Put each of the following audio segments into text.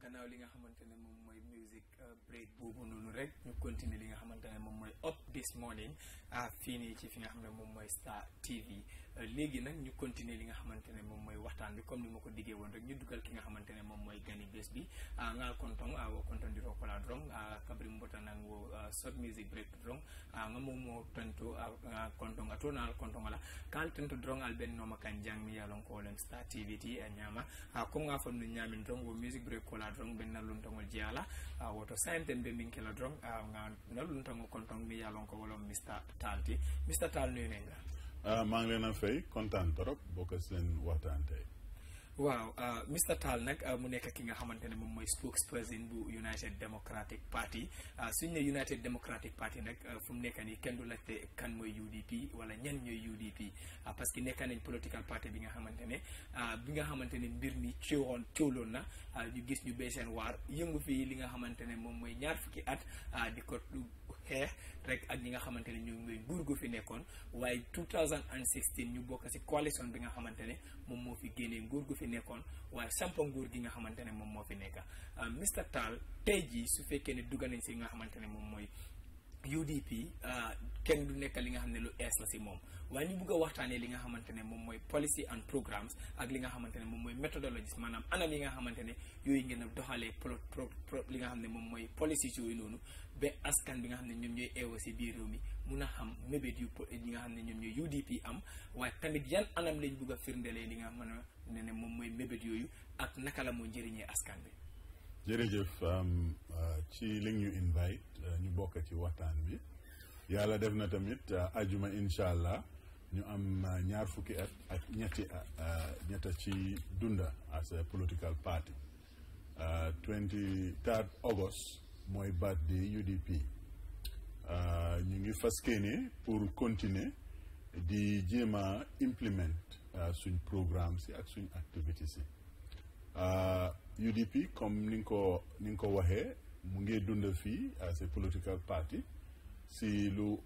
gannaaw li nga xamante ne moom mooy music euh, break boobu noonu rek ñu continuer li nga xamante ne moom mooy up this morning ah fii nii ci fi nga xam ne moom mooy Star TV léegi nag ñu continuer li nga xamante ne moom mooy waxtaan bi comme ni ma ko diggee woon rek ñu dugal ki nga xamante ne moom mooy gani bés bi ah, ngal kontong ah, wo kontondiro kola drong ah, kabri mbotanang wo sot music break drong nga mo mo tonto kontong ato na kontong ala kal tonto drong al ben noma kanjang mi yalong ko lem star tv ti nyama eh, ko nga fon nyamin drong wo music break kola drong ben na luntongol jiala woto sainten be min kela drong nga na luntongol kontong mi yalong ko wolom mr talti mr tal nuyu nenga ah maa ngi leen a fay kontaan trop bokk seen waxtaan tey. waaw ah, Mr Tall nag ah, mu nekk ki nga xamante ne moom mooy spokesperson bu United Democratic Party ah, suñ ne United Democratic Party nag fu mu nekk nii kenn du laajte kan mooy UDP wala ñan ñooy UDP parce que nekk nañ political party bi nga xamante ne bi nga xamante ne mbir mi coowoon cooloon na ñu gis ñu béy seen waar yëngu fii li nga xamante ne moom mooy ñaar fukki at di ko. xeex rek ak ñi nga xamante ne ñoom ñooy gu fi nekkoon waaye 2016 ñu bokk ci coalition bi nga xamante ne moom moo fi génnee nguur gu fi nekkoon waaye sampa nguur gi nga xamante ne moom moo fi nekk euh, Mr Tall tey jii su fekkee ne dugg nañ ci nga xamante ne moom mooy UDP euh, kenn du nekk li nga xam ne lu ees la ci moom waaye ñu bëgg a waxtaanee li nga xamante ne moom mooy policy and programmes ak li nga xamante ne moom mooy méthodologies maanaam anam yi nga xamante ne yooyu ngeen a doxalee pro li nga xam ne moom mooy policies yooyu noonu ba askan bi nga xam ne ñoom ñooy eewoo si biir mi mun a xam mébét yu yi nga xam ne ñoom ñooy UDP am waaye tamit yan anam lañ bugg a firndelee li nga mën a ne ne moom mooy mébét yooyu ak naka la moo njëriñee askan bi. jërëjëf euh, ci li ñu invite euh, ñu bokk ci waxtaan bi yàlla def na tamit euh, ajuma incha allah ñu am ñaar fukki at ak ñetti ñetta ci dunda as a political party 23 August. mooy baat bi UDP euh, ñu ngi faskee ne pour continuer di jéem a implement euh, suñ programme si ak suñ activité si UDP euh, comme ni nga ko ni nga ko waxee mu ngi dund fii as a political party si lu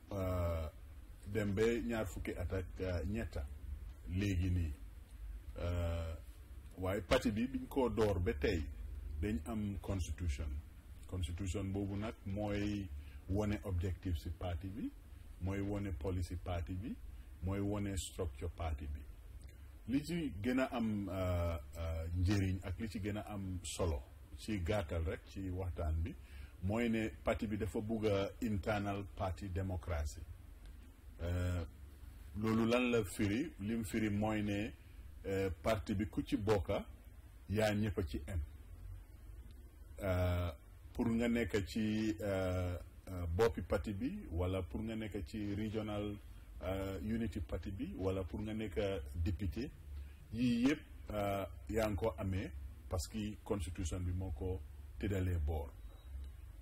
dem ba ñaar fukki at ak ñetta léegi nii waaye parti bi biñ ko door ba tey dañ am constitution constitution boobu nag mooy wone objectif ci parti bi mooy wone policy parti bi mooy wone structure parti bi li ci gën a am euh, euh, njëriñ ak li ci gën a am solo ci gàttal rek ci waxtaan bi mooy ne parti bi dafa bugg a internal party democracy euh, loolu lan la firi lim firi mooy ne parti bi ku ci bokka yaa ñëpp ci am pour nga nekk ci euh, euh, boppi parti bi wala pour nga nekk ci regional euh, unity parti bi wala pour nga nekk député yii yëpp yaa ngi ko amee parce que constitution bi moo ko tëddalee boor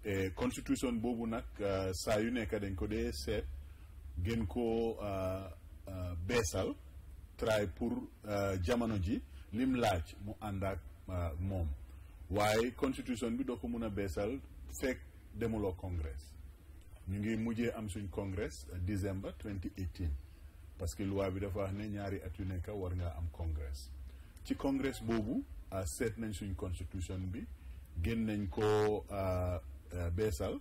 et constitution boobu nag saa yu nekk dañ ko dee seet gën koo beesal try pour jamono ji lim laaj mu ànd ak moom waaye constitution bi doo ko mën a beesal fekk demuloo congrès ñu ngi mujjee am suñ congrès décembre 2018 parce que loi bi dafa wax ne ñaari at yu nekk war ngaa am congrès ci congrès boobu ah, seet nañ suñ constitution bi génn nañ ko ah, ah, beesal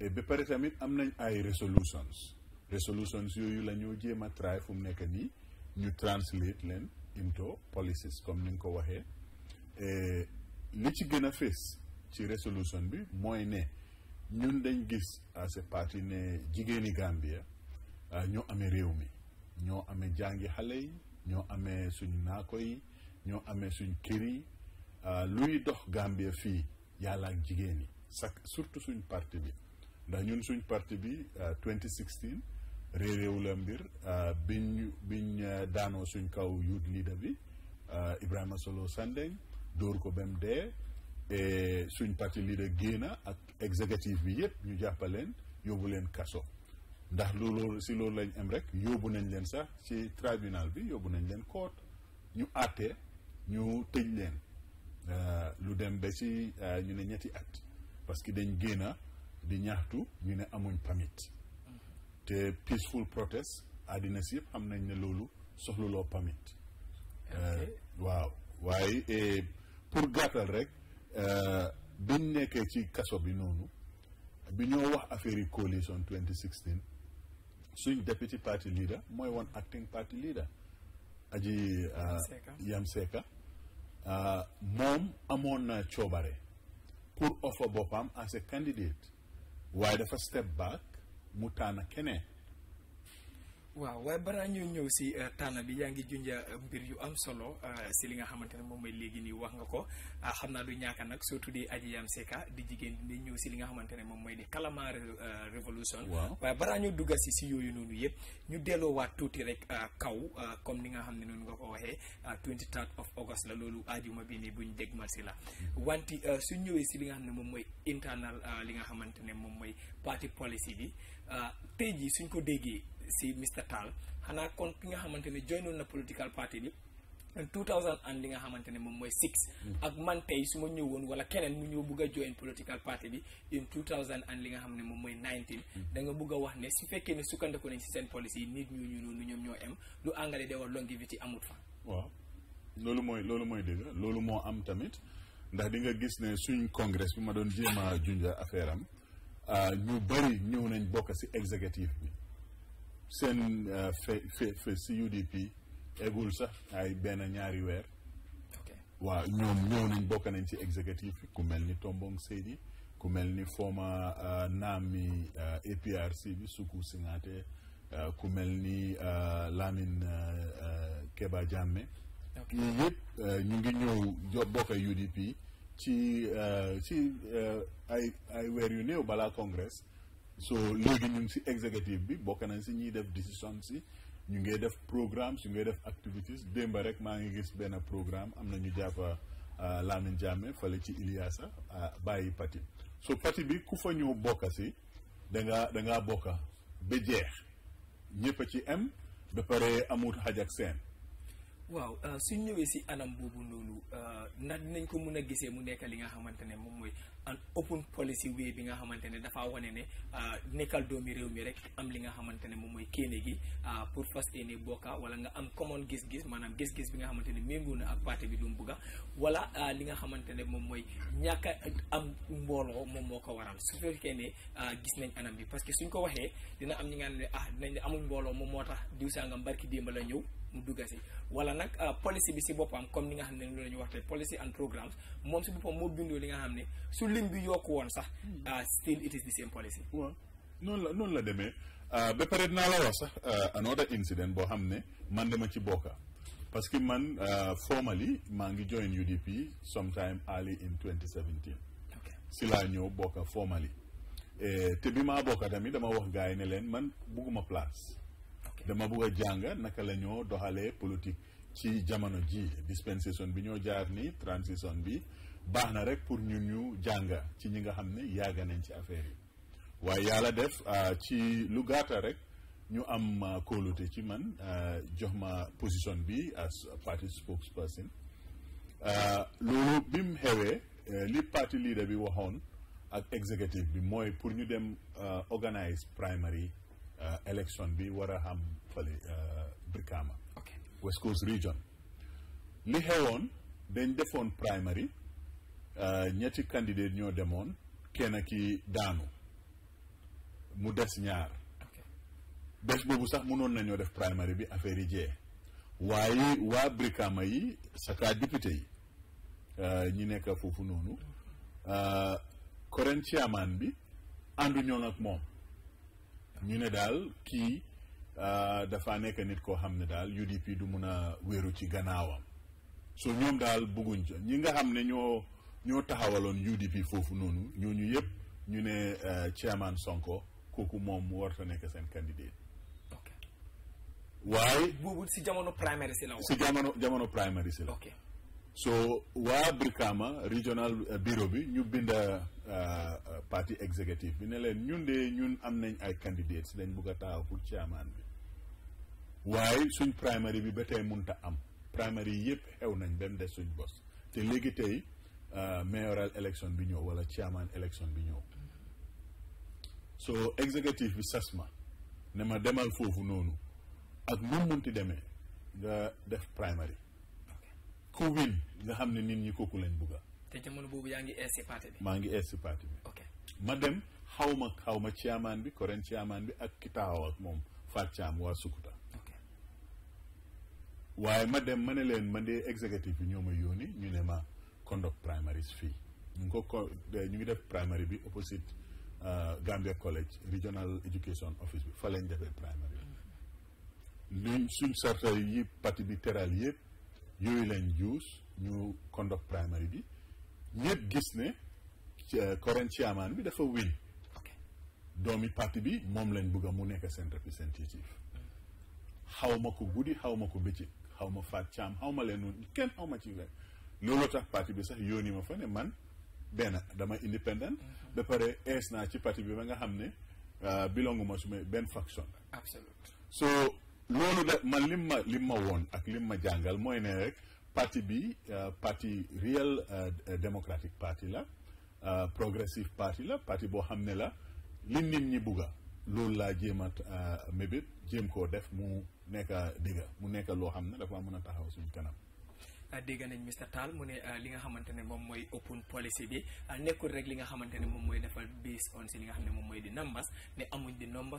ba pare tamit am nañ ay resolutions resolutions yooyu la ñoo jéem a try fu mu nekk nii ñu translate leen into policies comme ni nga ko waxee li ci gën a fés ci résolution bi mooy ne ñun dañ gis à ce parti ne jigéeni Gambia euh, ñoo amee réew mi ñoo amee jàngi xale yi ñoo amee suñ naako yi ñoo amee suñ kër yi euh, luy dox Gambia fii yàlla ak jigéen yi sax surtout suñ parti bi ndax ñun suñ parti bi 2016 euh, réeréewu la mbir biñ biñ daanoo suñ kaw youth leader bi Ibrahima Solo Sandeng dóor ko ba mu dee et suñ parti leader génn ak exécutif bi yëpp ñu jàppaleen yóbbu leen kaso ndax loolu si loolu lañ am rek yóbbu nañ leen sax ci tribunal bi yóbbu nañ leen court ñu àtte ñu tëj leen euh, lu dem ba ci euh, ñu ne ñetti at parce que dañ génn di ñaxtu ñu ne amuñ pamit te peaceful protest àddina si yëpp xam nañ ne loolu soxluloo pamit euh, waaw waaye pour gàttal rek euh, biñ nekkee ci kaso bi noonu bi ñoo wax affaire yi coalition 2016 suñ deputy party leader mooy woon acting party leader aji euh, Yam Seka euh, moom amoon na coobare pour offer boppam as a candidate waaye dafa step back mu tànn keneen waaw waaye balaa ñu ñëw si euh, tànn bi yaa ngi junja euh, mbir yu am solo euh, si li nga xamante ne moom mooy léegi nii wax nga ko ah, xam naa du ñaaka nag surtout di Aji Yam Secka di jigéen di ñëw si li nga xamante ne moom mooy di Calamar Revolution. waaw waaye balaa ñu dugga si si yooyu noonu yëpp ñu delloowaat tuuti rek kaw comme ni nga xam ne noonu nga ko waxee 23 of la loolu aajuma bi nii buñ dégmal si la mm-hmm. wante su ñëwee si li nga xam ne moom mooy internal li nga xamante ne moom mooy party policy bi tey ji suñ ko déggee. si Mr Tall xanaa kon ki nga xamante ne joinoon na political party bi en 2000 and li nga xamante ne moom mooy six hmm. ak man tey su ma ñëwoon wala keneen mu ñëw bugg a join political party bi en 2000 and li nga xam ne moom mooy 19 hmm. da nga bugg a wax ne su fekkee ne sukkandiku nañ si seen policy nit ñu ñu noonu ñoom ñoo am lu anglais de war longevity amut fa waaw loolu mooy loolu mooy dëgg loolu moo am tamit ndax di nga gis ne suñ congrès bi ma doon jéem a junja affaire am ah, ñu bëri ñëw nañ bokk si exécutif bi seen fe fe fe si UDP eggul sax ay benn ñaari weer. waaw ñoom ñëw nañ bokk nañ ci exécutif ku mel ni Tombong Seydi ku mel ni former euh, naam mi euh, APRC bi Suku Singate euh, ku mel ni Lamine Keba Jammeh ñii yëpp ñu ngi ñëw bokk UDP ci ci ay weer yu néew balaa congrès so léegi ñun si exécutif bi bokk nañ si ñuy def décision si ñu ngay def programme ñu ngay def activities démb rek maa ngi gis benn programme am na ñu jàppa euh, Lamin Jammeh fale ci Iliasa bàyyi parti so parti bi ku fa ñëw bokka si danga danga da ngaa bokka ba jeex ñëpp a ci m ba pare amut xaj ak seen waaw euh, suñ ñëwee si anam boobu noonu euh, ndax dinañ ko mun a gisee mu nekk li nga xamante ne moom mooy an open policy way bi nga xamante ne dafa wane ne euh, nekkal doomi réew mi rek am li nga xamante ne moom mooy kéene gi pour fas yéene bokka wala nga am common gis-gis maanaam gis-gis bi nga xamante ne méngoo na ak parti bi lu mu bugga wala li nga xamante ne moom mooy ñàkk ak am mbooloo moom moo ko waral su fekkee ne gis nañ anam bi parce que suñ ko waxee dina am ñi nga xam ne ah dinañ ne amul mbooloo moom moo tax diw sangam barki démb la ñëw mu dugga si wala nag euh, policy bi si boppam comme ni nga xam ne loolu la ñu wax te policy and programmes moom si boppam moo bindoo li nga xam ne su lim bi yokk woon sax hmm. euh, still it is the same policy waaw noonu la noonu la demee euh, ba pare dinaa la wax sax another incident boo xam ne man dama ci bokka parce que man formally maa ngi join UDP sometime early in 2017 si laa ñëw bokka formally te bi maa bokka tamit dama wax gars yi ne leen man bugguma place dama bëgg a jàng naka lañu doxalee politique ci jamono ji dispensation bi ñoo jaar ni transition bi baax na rek pour ñun ñu jànga ci ñi nga xam ne yàgg nañ ci affaire yi waaye yàlla def uh, ci lu gàtta rek ñu am uh, kóolute ci man uh, jox ma position bi as party spokesperson loolu bi mu xewee eh, li party leader bi waxoon ak executive bi mooy pour ñu dem organise primary Euh, élection bi war a am fële euh, Brikama West Coast Region li xewoon dañ defoon primary euh, ñetti candidate ñoo demoon kenn ki daanu mu des ñaar bés boobu sax mënoon nañoo def primary bi affaire yi jee waaye waa Brikama yi saka député yi ñi nekk foofu noonu current chairman bi ànduñoo ak moom ñu ne daal kii euh, dafa nekk nit koo xam ne daal UDP du mun a wéeru ci gannaawam so ñoom daal bëgguñ ca ñi nga xam ne ñoo ñoo taxawaloon UDP foofu noonu ñooñu yëpp ñu ne euh, chairman Sonko kooku moom mu sa nekk seen candidate waaye boobu ci jamono primary si la si jamono jamono primary si la so waa regional euh, bureau bi ñu binda Euh, euh, parti exécutif bi ne leen ñun de ñun am nañ ay candidates dañ bugg a taxaw pour chairman bi waaye suñ primary bi ba tey munta am primary yëpp xew nañ dem mu des suñ bos te léegi tey euh, mayoral election bi ñëw wala chairman election bi ñëw so exécutif bi sas ma ne ma demal foofu noonu ak moom ti demee nga def primary ku win nga xam ne nit ñi kooku lañ bugga te jamono boobu yaa ngi eesi parti bi. maa ngi eesi parti bi. ma dem xaw ma xaw ma chairman bi koren chairman bi ak kitaaw ak moom Fatou Thiam waa Sukuta. waaye ma dem ma ne leen man de exécutif bi ñoo ma yónni ñu ne ma conduct primaries fii ñu ngi ko ko ñu ngi def primary bi opposite uh, Gambia College Regional Education Office bi fa lañ defee primary. Mm-hmm. luñ suñ sarta yi parti bi teral yëpp yooyu lañ juus ñu conduct primary bi. ñépp gis ne Koren euh, Thiaman bi dafa win doomi parti bi moom lañ bëgg a mu nekk seen représentatif xaw ma ko guddi xaw ma ko bëccëg xaw ma faat caam xaw ma leen noonu kenn xaw ma ci leen loolu tax parti bi sax yóoni ma fa ne man benn dama indépendant mhm. ba pare ees naa ci parti bi ba nga xam ne euh, bilonguma su ma benn faction la so loolu da man lim ma lim ma woon ak lim ma jàngal mooy ne rek parti bi euh, parti Real euh, Democratic Party la euh, Progressive Party la parti boo xam ne la li nit ñi bugga loolu laa jéemat a mébét jéem koo def mu nekk digga mu nekk loo xam ne dafa mën a taxaw suñu kanam Euh, dégg nañ Mister Tall mu ne euh, li nga xamante ne moom mooy open policy bi euh, nekkul rek li nga xamante ne moom mooy dafa based on si li nga xam moom mooy di numbers ne amuñ ne moom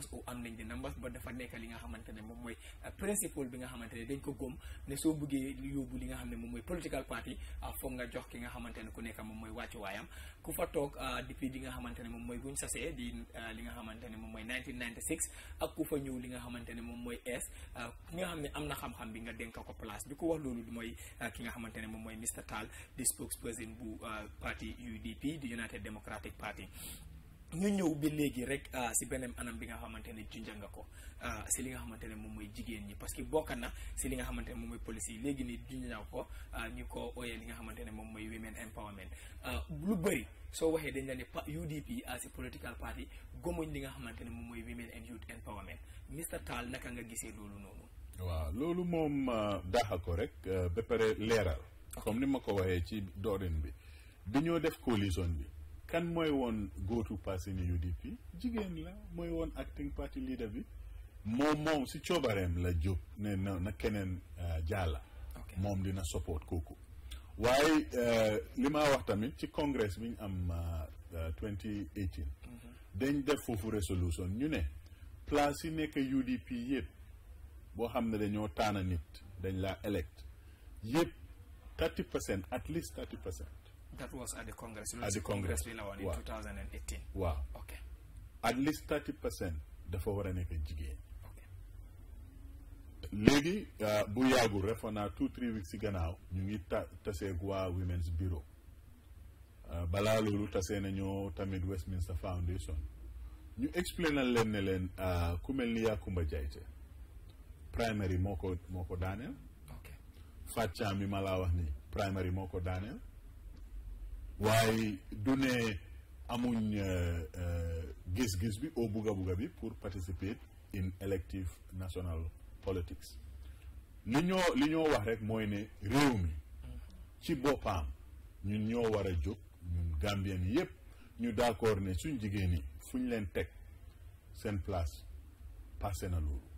mooy principle bi nga ne dañ ko góom ne soo mooy political party foog nga jox ne ku nekk moom mooy wàccuwaayam ku fa toog depuis li nga xamante moom mooy buñ sasee di li nga xamante moom mooy 1996 ak ku fa ñëw li nga xamante ne moom mooy es ki nga xam ne am na xam-xam bi nga dénk ko place bi ku wax loolu mooy nga xamante ne moom mooy Mr Tall di spokesperson bu euh, parti UDP di United Democratic Party ñu ñëw bi léegi rek euh, si beneen anam bi nga xamante ne junja nga ko euh, si li nga xamante ne moom mooy jigéen ñi parce que bokk na si li nga xamante ne moom mooy policy léegi nii junja nga ko ñu ko ooyee li nga xamante ne moom mooy women empowerment lu bëri soo waxee dañ la ne UDP as a political party gomoñ li nga xamante ne moom mooy women and youth empowerment Mr Tall naka nga gisee loolu noonu. waaw loolu moom euh, daaxa ko rek euh, ba pare leeral comme ni ma ko waxee ci doorin bi bi ñoo def coalition bi kan mooy woon góotu passé ni UDP jigéen la mooy woon acting party leader bi moom moom si coobareem la jóg ne na na keneen euh, jàlla moom dina support kooku waaye li ma wax tamit ci congrès bi ñu am 2018 mhm. dañ def foofu résolution ñu ne place yi nekk UDP yëpp boo xam ne dañoo taana nit dañ laa elect yëpp thirty percent at least thirty percent. that was at the congress. at the congress bi la woon in 2018. waaw ok at least thirty percent dafa war a nekk jigéen. léegi euh, bu yàggul refa two three weeks ci gannaaw ñu ngi ta taseeg waa women's bureau uh, balaa loolu tasee nañoo tamit Westminster Foundation ñu explainal leen ne leen euh, ku mel ni Yakumba Jaite primary moo ko moo ko daaneel. ok Fatia mi ma laa wax ni primary moo ko daaneel. waaye du ne amuñ euh, euh, gis-gis bi au buga buga bi pour participer in elective national politics. li ñoo li ñoo wax rek mooy ne réew mi. ci boppam ñu ñoo war a jóg ñun Gambien yépp ñu d'accord ne suñ jigéen ñi fuñ leen teg seen place passé na loolu.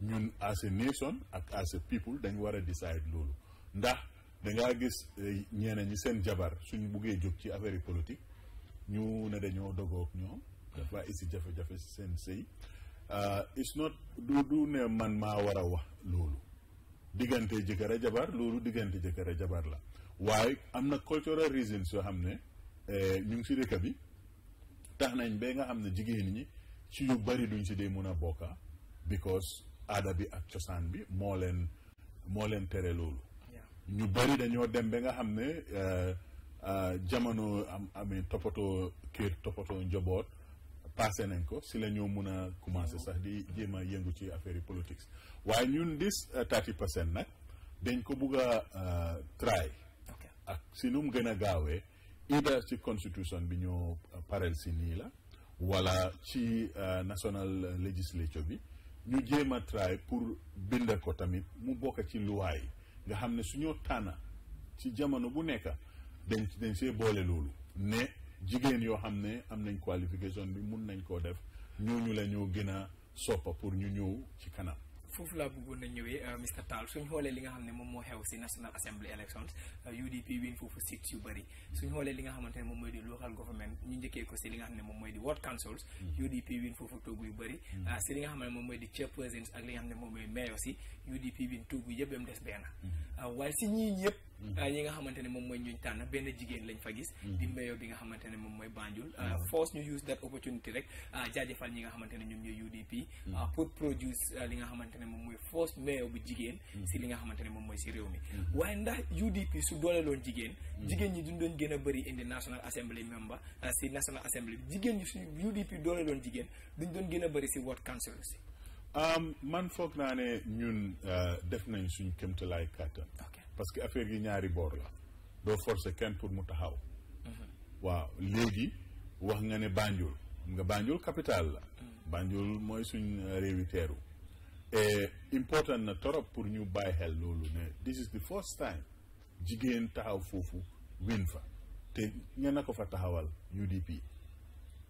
ñun as a nation ak as a people dañ war a decide loolu ndax dangaa gis eh, ñeneen ñi seen jabar suñ buggee jóg ci affaire politique ñu ne dañoo dogoog ñoom dafa isi jafe-jafe seen sëy eh, it's not du du ne man maa war a wax loolu diggante jëkkër a jabar loolu diggante jëkkër a jabar la waaye am na cultural reasons yoo xam ne eh, ñu ngi si dëkk bi tax nañ ba nga am ne jigéen ñi ci yu bari duñ si dee mun a bokka because aada bi ak cosaan bi moo leen moo leen tere loolu ñu bëri dañoo dem ba nga xam ne euh, euh, jamono am amee toppatoo kër toppatoo njaboot passé nañ ko si la ñoo mun a commencé sax di jéem a yëngu ci affaire yi politique waaye ñun dis euh, thirty percent nag dañ ko bugg a try ak si nu mu gën a gaawee either ci constitution bi ñoo pareel si nii la wala ci national legislature bi ñu jéem a try pour bind ko tamit mu bokk ci luwaa yi nga xam ne suñoo tànna ci jamono bu nekk dañ dañ see boole loolu ne jigéen yoo xam ne am nañ qualification bi mun nañ koo def ñooñu la ñoo gën a soppa pour ñu ñëw ci kanam foofu laa bëggoon a ñëwee euh, Mr Tall suñ xoolee li nga xam ne moom moo xew si National Assembly elections UDP euh, win foofu seats yu bëri suñ xoolee li nga xamante ne moom mooy di local government ñu njëkkee ko si li nga xam ne moom mooy di ward councils mm. UDP win foofu toogu yu bëri si mm. euh, li nga xam ne moom mooy di chairpersons ak li nga xam ne moom mooy mayor si UDP win toogu yëpp bam des benn mm. waaye si ñii ñëpp Mm-hmm. Euh, ñi nga xamante ne moom mooy ñuñ tànn benn jigéen lañ fa gis mm-hmm. di mbéyoo bi nga xamante ne moom mooy Banjul euh, mm-hmm. force ñu use that opportunity rek euh, jaajëfal ñi nga xamante ne ñoom ñooy UDP pour produce li nga xamante ne moom mooy force mbéyoo bu jigéen si li nga xamante ne moom mooy si réew mi waaye ndax UDP su dooleeloon jigéen jigéen ñi duñ doon gën a bari indi National Assembly member si National Assembly bi jigéen ñi su UDP dooleeloon jigéen duñ doon gën a bëri si ward council si um, man foog naa ne ñun def nañ suñ kémtalaay kàttan parce que affaire yi ñaari boor la doo forcer kenn pour mu taxaw waaw léegi wax nga ne Banjul nga Banjul capital la Banjul mooy suñ réewi teeru important na trop pour ñu bàyyi xel loolu ne this is the first time jigéen taxaw foofu win fa te ña na ko fa taxawal UDP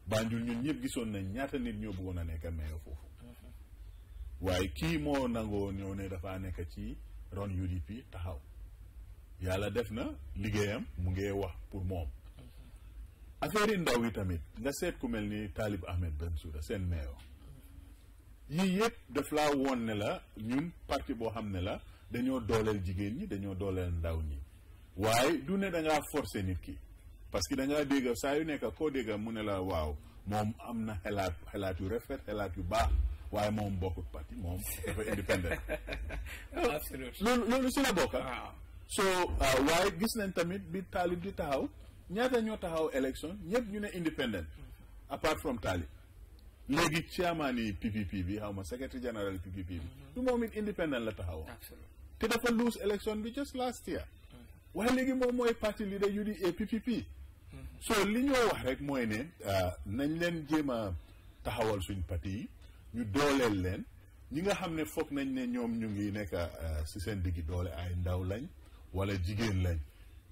Banjul ñun ñëpp gisoon nañ ñaata nit ñoo bëggoon a nekk maire foofu mm-hmm. waaye kii moo nangoo ñëw ne dafa nekk ci ron UDP taxaw yàlla def na liggéeyam mu ngee wax pour moom affaire yi ndaw yi tamit nga seet ku mel ni Talib Ahmed Bensouda seen meeyoo yii yëpp daf laa woon ne la ñun parti boo xam ne la dañoo dooleel jigéen ñi dañoo dooleel ndaw ñi waaye du ne da ngaa forcer nit ki parce que da ngaa dégg saa yu nekk koo dégg mu ne la waaw moom am na xelaat xelaat yu rafet xelaat yu baax waaye moom bokkut parti moom dafa indépendant loolu loolu si la bokka so uh, waaye gis nañ tamit bi taalib di taxaw ñaata ñoo taxaw élection ñëpp ñu ne independent apart from taalib léegi chairman yi PPP bi xaw ma secretary general PPP bi mhm. du moom it independent la taxaw te dafa lose élection bi just last year mhm. waaye léegi moom mooy parti leader UDA PPP mhm. so li ñoo wax rek mooy ne uh, nañ leen jéem a taxawal suñ parti yi ñu dooleel leen ñi nga xam ne foog nañ ne ñoom ñu ngi nekk uh, si seen diggi doole ay ndaw lañ wala jigéen lañ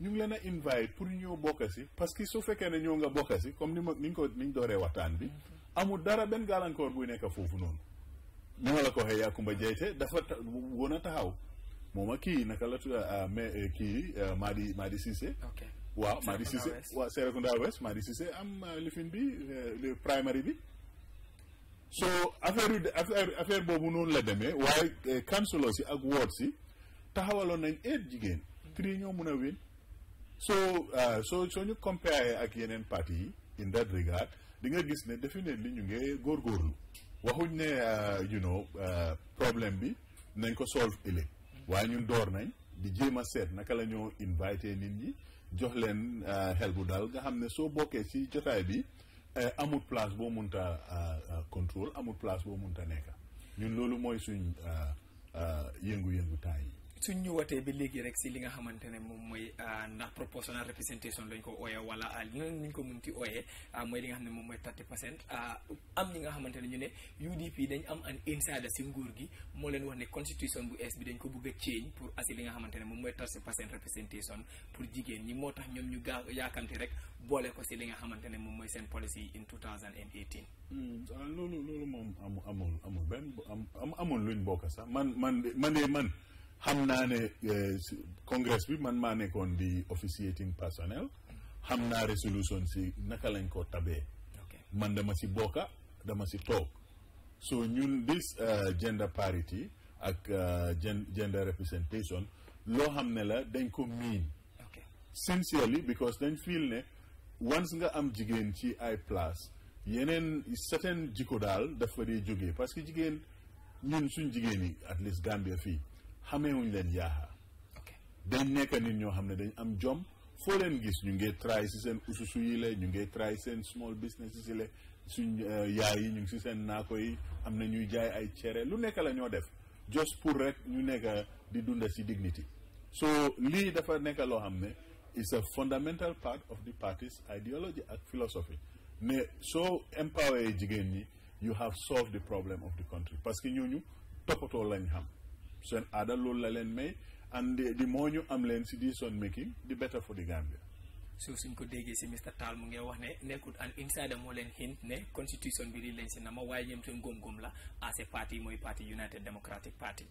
ñu ngi leen a invite pour ñoo bokka si parce que su fekkee ne ñoo nga bokka si comme ni ma ni ñu ko ni ñu dooree waxtaan bi amul dara benn gàllankoor buy nekk foofu noonu ni ma la ko waxee Yakumba Jayte dafa woon a taxaw moom a kii naka la tudd ah, ah, mais euh, kii euh, Madi Madi Cissé waaw Madi Cissé waaw Serekunda West Madi Cissé am euh, lifin bi le primary bi so affaire affaire affaire boobu noonu la demee waaye councilor si ak ward si taxawaloon nañ eet jigéen tri ñoo mun a win soo uh, soo soo ñu compare ak yeneen parti yi in that regard di nga gis ne definitely ñu ngi góorgóorlu waxuñ ne uh, you know uh, problème bi nañ ko solve ëllëg waaye ñun door nañ di jéem a seet naka la ñoo invité nit ñi jox leen xel bu daal nga xam ne soo bokkee ci jotaay bi amul place boo munta contrôle amul place boo munta nekka ñun loolu mooy suñ yëngu-yëngu taay yi suñ ñëwatee ba léegi rek si li nga xamante ne moom mooy euh, ndax proportional representation lañ ko ooyee wala euh, ñu ko mun ti ooyee euh, mooy li nga xam ne moom mooy 30 percent am nga xamante ne ñu ne UDP dañ am an insider si moo leen wax ne constitution ko bëgg a pour asi nga xamante ne moom mooy 30 percent representation pour jigéen ñi moo tax ñoom ñu gaa yaakamti rek boole ko si li nga xamante ne moom mooy seen policy in 2018. Hmm, loolu loolu moom amul amul amul benn am amul luñ bokk sax man man man man. xam naa ne euh, congrès bi man maa nekkoon di officiating personnel xam naa résolution si naka lañ ko tabee man dama si bokka dama si toog so ñun this euh, gender parity ak euh, gender representation loo xam ne la dañ ko miin sincerely because dañ feel ne once nga am jigéen ci ay place yeneen certain jikko daal dafa dee jógee parce que jigéen ñun suñ jigéen yi at least Gambia fii xameewuñ leen yaaxaa dañ nekk nit ñoo xam ne dañ am jom foo leen gis ñu ngi try si seen ususu yi la ñu ngi try seen small business si la suñ euh, yaay yi ñu ngi si seen naako yi am na ñuy jaay ay cere lu nekk la ñoo def just pour rek ñu nekk di dunda si dignity so lii dafa nekk loo xam ne it's a fundamental part of the party's ideology ak philosophy mais soo empower jigéen ñi you have solved the problem of the country parce que ñooñu toppatoo lañ xam seen aada loolu la leen may and moo ñu am leen si decision making di better for the Gambia so suñ ko déggee si Mr Tall mu ngi wax ne nekkul an insider moo leen hint ne constitution bi lii lañ si nama waaye ñoom seen góom-góom la AC ah, parti mooy parti United Democratic Party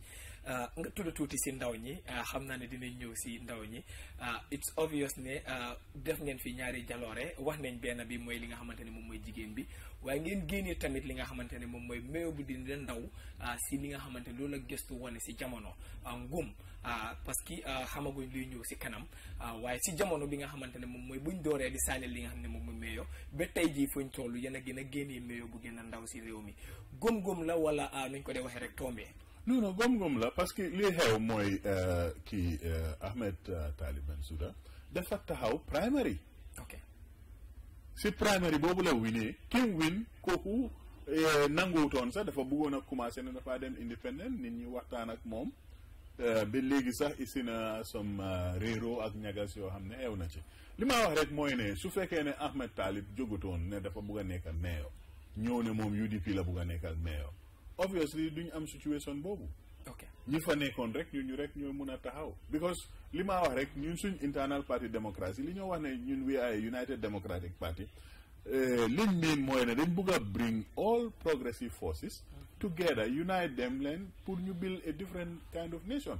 ah, nga tudd tuuti si ndaw ñi ah, xam naa ne dinañ ñëw si ndaw ñi it's obvious ne def ngeen fi ñaari jaloore wax nañ benn bi mooy li nga xamante ne moom mooy jigéen bi waaye ngeen génnee tamit li nga xamante ne moom mooy meew bu di leen ndaw ah, si li nga xamante ne loolu la gëstu wane si jamono ah, ngum ah, parce que xamaguñ luy ñëw si kanam waaye si jamono bi nga xamante ne moom mooy buñ dooree di saaleel li nga xam ne moom mooy meeyo ba tey ji fuñ toll yéen a a génnee meeyo bu gën a ndaw si réew mi góom-góom la wala nuñ ko dee waxee rek tombee non non góom-góom la parce que lii xew mooy euh, kii euh, Ahmed euh, Talib Bensouda dafa taxaw primary si primary boobu la winee kim win kooku eh, nanguwutoon sax dafa bëggoon a commencé ne dafaa dem independent nit ñi waxtaan ak moom uh, ba léegi sax isi na som uh, eh, réeroo ak ñagas yoo xam ne eew na ci li ma wax rek mooy ne su fekkee ne Ahmed Talib jógutoon ne dafa bëgg a nekk ak meeyoo ñëw ne moom UDP la bëgg a nekk ak meeyoo obviously duñ am situation boobu ñu fa nekkoon rek ñun ñu rek ñoo mun a taxaw because li maa wax rek ñu suñ internal party démocratie li ñoo wax ne ñun we are United Democratic Party eh, liñ miin mooy ne dañ bugg a bring all progressive forces together unite dem leen pour ñu build a different kind of nation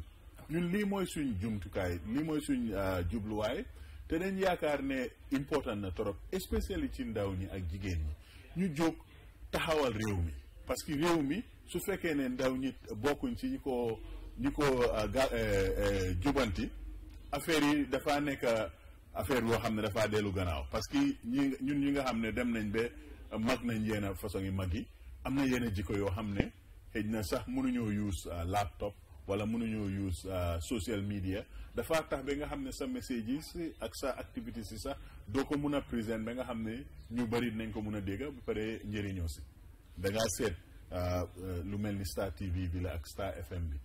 ñun lii mooy suñ jumtukaay lii mooy suñ ah, jubluwaay te dañ yaakaar ne important na trop especially ci ndaw ñi ak jigéen ñi ñu jóg taxawal réew mi parce que réew mi su fekkee ne ndaw ñi bokkuñ ci ñi ko ñi ko euh, ga euh, euh, jubanti affaire yi dafaa nekk affaire boo xam ne dafa dellu gannaaw parce que ñi ñun ñi nga xam ne dem nañ ba mag nañ yenn façon yi mag yi am na yenn jikko yoo xam ne xëj na sax mënuñoo use laptop wala mënuñoo use social media dafa tax ba nga xam ne sa message ak sa activité si sax doo ko mun a présent ba nga xam ne ñu bëri nañ ko mun a dégg bu paree njëriñoo si da ngaa seet Euh, lu mel ni Star TV bi la ak Star FM bi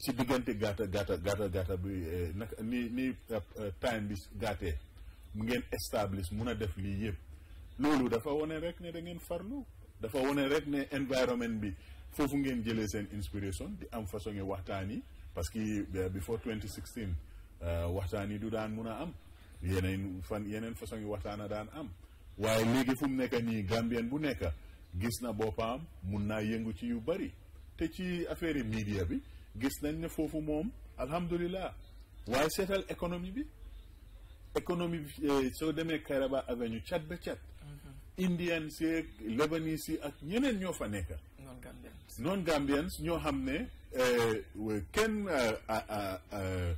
ci diggante gàtta gàtta gàtta gàtta bi euh, naka ni ni euh, time bi gàttee mu ngeen establish mun a def lii yëpp loolu dafa wane rek ne da ngeen farlu dafa wane rek ne environment bi foofu ngeen jëlee seen inspiration di am façon ngi waxtaan yi parce que before 2016 waxtaan yi du daan mun a am yeneen fan yeneen façon ngi waxtaan a daan am waaye léegi fu nekk nii Gambien bu nekk gis na boppam mun naa yëngu ci yu bari te ci affaire media bi gis nañ ne foofu moom alhamdulilah waaye seetal économie bi économie bi euh, soo demee Kairaba Avenue cat ba cat indian si ak lebanese ak ñeneen ñoo fa nekk non gambians ñoo xam ne euh, kenn euh,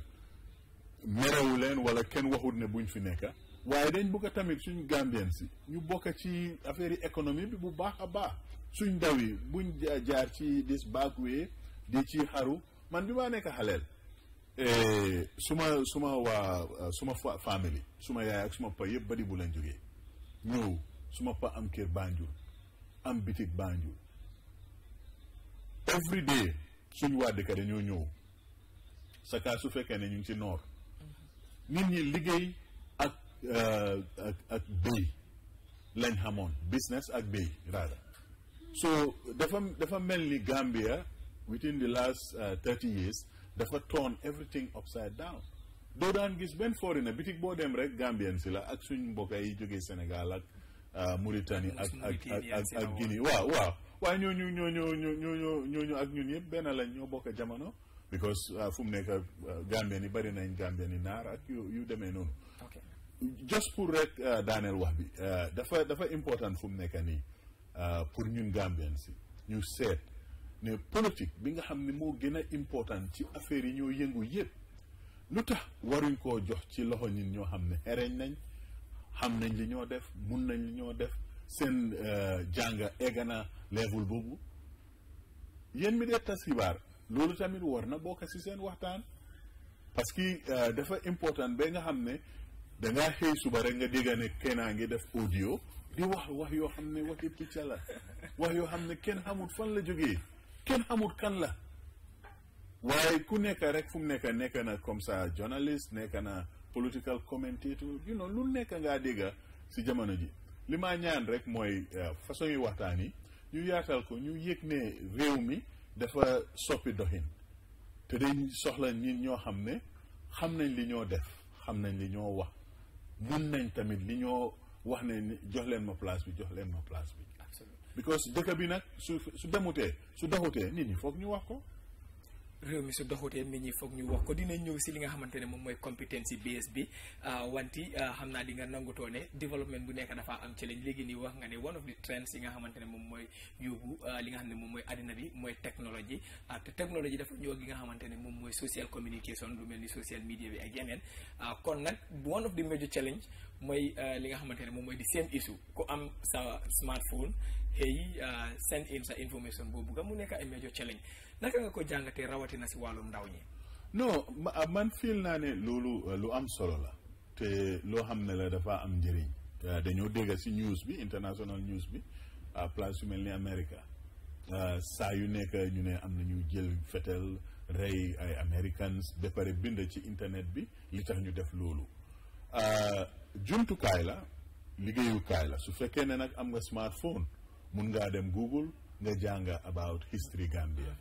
merewu leen wala kenn waxut ne buñ fi nekka waaye dañ bëgg tamit suñ Gambien ñu bokk ci affaire yi économie bi bu baax a baax suñ ndaw yi buñ jaar ci dis baakwee di ci xaru man bi maa nekk xaleel eh, suma suma waa euh, suma famille suma yaay ak suma pa yëpp badi bu lañ jógee ñëw suma pa am kër Banjul am bitik Banjul every day suñ waa dëkk dañoo ñëw sa kaa su fekkee ne ñu ngi ci noor mm-hmm. nit ñi liggéey Uh, ak ak béy lañ xamoon business ak béy rather so dafa dafa mel ni Gambia within the last uh, thirty years dafa turn everything upside down doo daan gis benn foreigner bitik boo dem rek Gambien si la ak suñ mbokk yi jógee Sénégal ak uh, Mauritanie ak ak ak ak Guinée waaw waaw waaye ñooñu ñooñu ñooñu ñooñu ak ñun yëpp benn lañ ñoo bokk jamono because uh, fu mu nekk Gambien yi bari nañ Gambien yi naar ak yu yu demee noonu just pour rek euh, daaneel wax bi euh, dafa dafa important fu mu nekk nii euh, pour ñun Gambien si ñu seet ne politique bi nga xam ne moo gën a important ci affaire yi ñoo yëngu yëpp lu tax waruñ koo jox ci loxo ñun ñoo xam ne xereñ nañ xam nañ li ñoo def mun nañ li ñoo def seen jànga egg na level boobu yéen mi dee tas xibaar loolu tamit war na bokk si seen waxtaan parce que dafa important ba nga xam ne dangaa xëy suba rek nga dégga ne kenaa ngi def audio di wax wax yoo xam ne waxi picca la wax yoo xam ne kenn xamul fan la jóge kenn xamul kan la waaye ku nekk rek fu mu nekk na comme ça journaliste nekk na political commentator you know lu nekk ngaa dégga si jamono ji limaa ñaan rek mooy euh, façon yi waxtaan yi ñu yaatal ko ñu yëg ne réew mi dafa soppi doxin te dañ soxla nit ñoo xam ne xam nañ li ñoo def xam nañ li ñoo wax mën nañ tamit li ñoo wax ne jox leen ma place bi jox leen ma place bi. because dëkk bi nag su su demutee su doxutee nit ñi foog ñu wax ko. réew mi su doxutee nit ñu wax ko dina ñëw si li nga xamante ne moom mooy compétence base bi ah, wanti ah, xam naa di nga nangutoo ne développement bu nekk dafaa am ci lañ léegi nii wax nga ne one of the trends yi nga xamante ne moom mooy yóbbu ah, li nga xam ne moom mooy addina bi mooy technologie te technologie dafa ñëw li nga xamante ne moom mooy social communication lu mel ni social media bi ak yeneen kon nag one of the major challenge mooy li nga xamante ne moom mooy di same issue ku am sa smartphone xëy send in sa information boobu nga mu nekk ay major challenge naka nga ko jàngatee rawatina si wàllum ndaw ñi. non ah, man fiil naa ne loolu euh, lu am solo la te loo xam ne la dafa am njëriñ euh, dañoo dégg si news bi international news bi à place yu mel ni Amérique euh, saa yu nekk ñu ne am na ñu jël fetel rey ay pare bind ci internet bi li tax ñu def loolu jumtukaay la liggéeyukaay la su fekkee ne nag am nga smartphone mun ngaa dem Google nga jàng about history Gambia.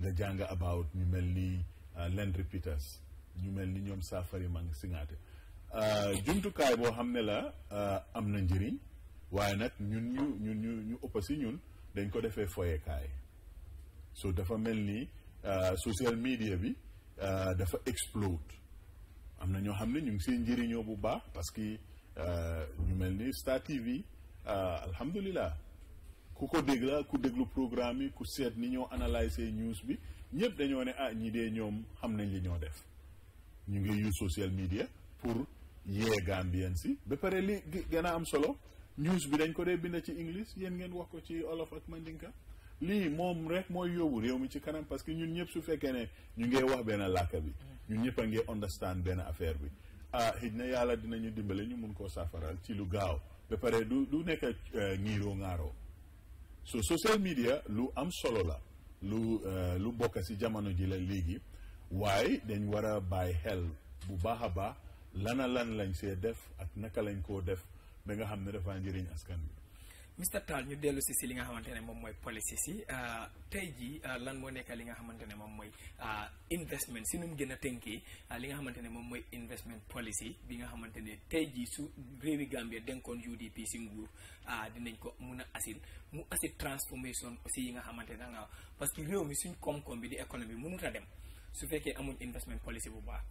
nga jàng about ñu mel ni euh, Land Repeaters ñu mel ni ñoom saafari maa ngi singaate euh, jumtukaay boo xam ne la euh, am na njëriñ waaye nag ñun ñu ñu ñu ëpp si ñun dañ ko defee foyekaay so dafa mel ni social media bi dafa explode am na ñoo xam ne ñu ngi seen njëriñoo bu baax parce que ñu mel ni Star TV alhamdulilah ku ko dégg la ku déglu programme yi ku seet ni ñoo analyser news bi ñëpp dañoo ne ah ñi dee ñoom xam nañ li ñoo def ñu ngi use social media pour yee Gambien si ba pare li gën am solo news bi dañ ko dee bind ci English yéen ngeen wax ko ci olof ak mandinka lii moom rek mooy yóbbu réew mi ci kanam parce que ñun ñëpp su fekkee ne ñu ngee wax benn làkk bi ñun ñëpp a ngee understand benn affaire bi ah xëj na yàlla ñu dimbale ñu mun koo safaral ci lu gaaw ba pare du du nekk ñiiroo eh, ŋaaroo so social media lu am solo la lu eh, lu bokk ci jamono ji la léegi waaye dañ war a bàyyi xel bu baax a baax lana lan lañ see def ak naka lañ koo def ba nga xam ne dafaa njëriñ askan bi Mister Tall ñu dellu si si li nga xamante ne moom mooy policy si euh, tey jii euh, lan moo nekk li nga xamante ne moom mooy euh, investment si nu mu gën a tënkee li nga xamante ne moom mooy investment policy bi nga xamante ne tey jii su réewi Gambia dénkoon UDP si nguur dinañ ko mun a asil mu asil transformation aussi yi nga xamante ne nga parce que réew mi suñ koom-koom bi di économie mënut a dem su fekkee amul investment policy bu baax.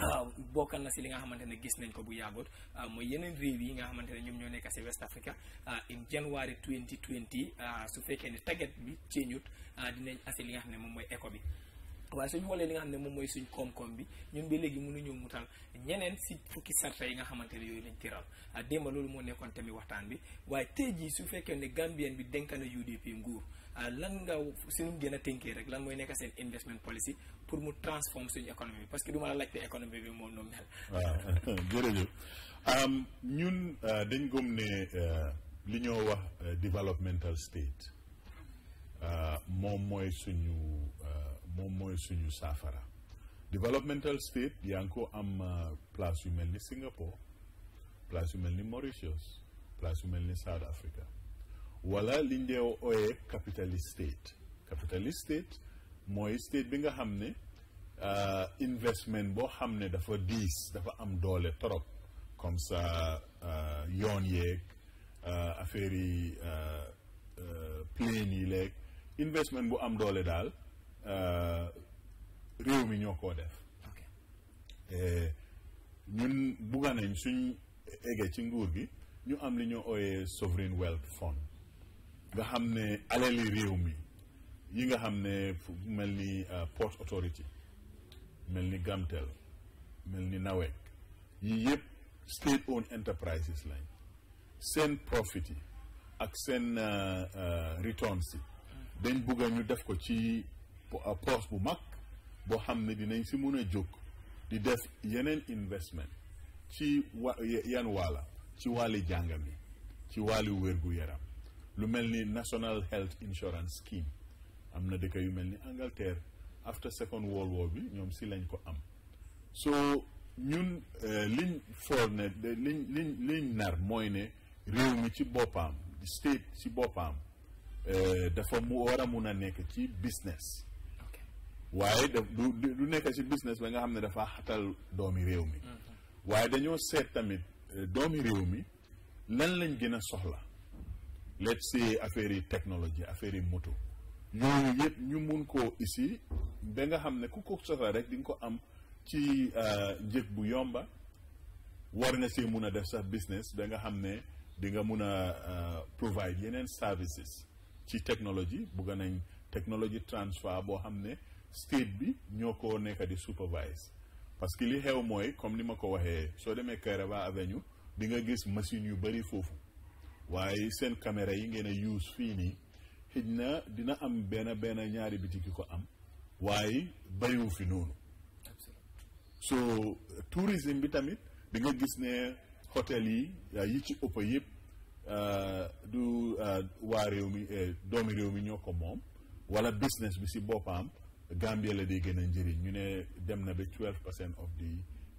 Euh, bokk na si li nga xamante ne gis nañ ko bu yàggut euh, mooy yeneen réew yi nga xamante ne ñoom ñoo nekk si West Africa euh, in January 2020 su fekkee ne tàggat bi ci ceeñut dinañ asi li nga xam ne moom mooy éco bi waaye suñ xoolee li nga xam ne moom mooy suñ koom-koom bi ñun ba léegi mënuñoo mutal ñeneen si fukki sarta yi nga xamante ne yooyu lañ tiral démba loolu moo nekkoon tamit waxtaan bi waaye tey jii su fekkee ne Gambien bi denka na UDP nguur Euh, lan nga suñu gën a tënkee rek lan mooy nekk seen investment policy pour mu transforme suñu économie bi parce que du ma la laajte économie bi moom noonu mel. waaw jërëjëf um, ñun euh, dañ gëm ne euh, li ñoo wax developmental state moom mooy suñu moom mooy suñu saafara developmental state yaa ngi ko am place yu mel ni Singapore place yu mel ni Mauritius place yu mel ni South Africa. wala liñ dee ooyee capitalist state capitalist state mooy state bi nga xam ne uh, investment boo xam ne dafa diis dafa am doole trop comme ça uh, yoon yeeg euh, affaire yi euh, euh, plane yi léeg investment bu am doole daal réew mi ñoo ko def ñun bugga nañ suñ eggee ci nguur gi ñu am li ñu ooyee sovereign wealth fund nga xam ne alali réew mi yi nga xam ne mel ni euh, Port Authority mel ni Gamtel mel ni NAWEC yi yëpp state owned enterprises lañ seen profit yi ak seen euh, euh, returns yi dañ bugga a ñu def ko ci poche bu mag boo xam ne dinañ si mun a jóg di def yeneen investment ci wa yan ci wàlli jàngam yi ci wàllu wér yaram lu mel ni national health insurance scheme am na dëkk yu mel ni Angleterre after second world war bi ñoom si lañ ko am so ñun eh, liñ for ne liñ liñ liñ nar mooy ne réew mi ci boppam state ci boppam eh, dafa mu war a mun a nekk ci business waaye daf du du nekk ci business ba nga xam ne dafa xatal doomi réew mi mm-hmm. waaye dañoo seet tamit eh, doomi réew mi lan lañ gën a soxla let's say affaire yi technologie affaire yi moto ñooñu yëpp ñu mun ko ici ba nga xam ne ku ko soxla rek di nga ko am ci njëg euh, bu yomba war nga see mun a def sax business ba nga xam ne di nga mun a euh, provide yeneen services ci technologie bugga nañ technologie transfer boo xam ne state bi ñoo ko nekk di supervise parce que li xew mooy comme ni ma ko waxee soo demee Kairaba Avenue di nga gis machine yu bëri foofu waaye seen caméra yi ngeen a use fii nii xëj na dina am benn benn ñaari bitik ko am waaye bayu fi noonu so tourisme bi tamit bi nga gis ne hôtel yi yi ci ëpp yëpp euh, du euh, waa réew mi eh, doomi réew mi ñoo ko moom wala business bi si boppam am la day gën a njëriñ ñu ne dem na bi twelve percent of the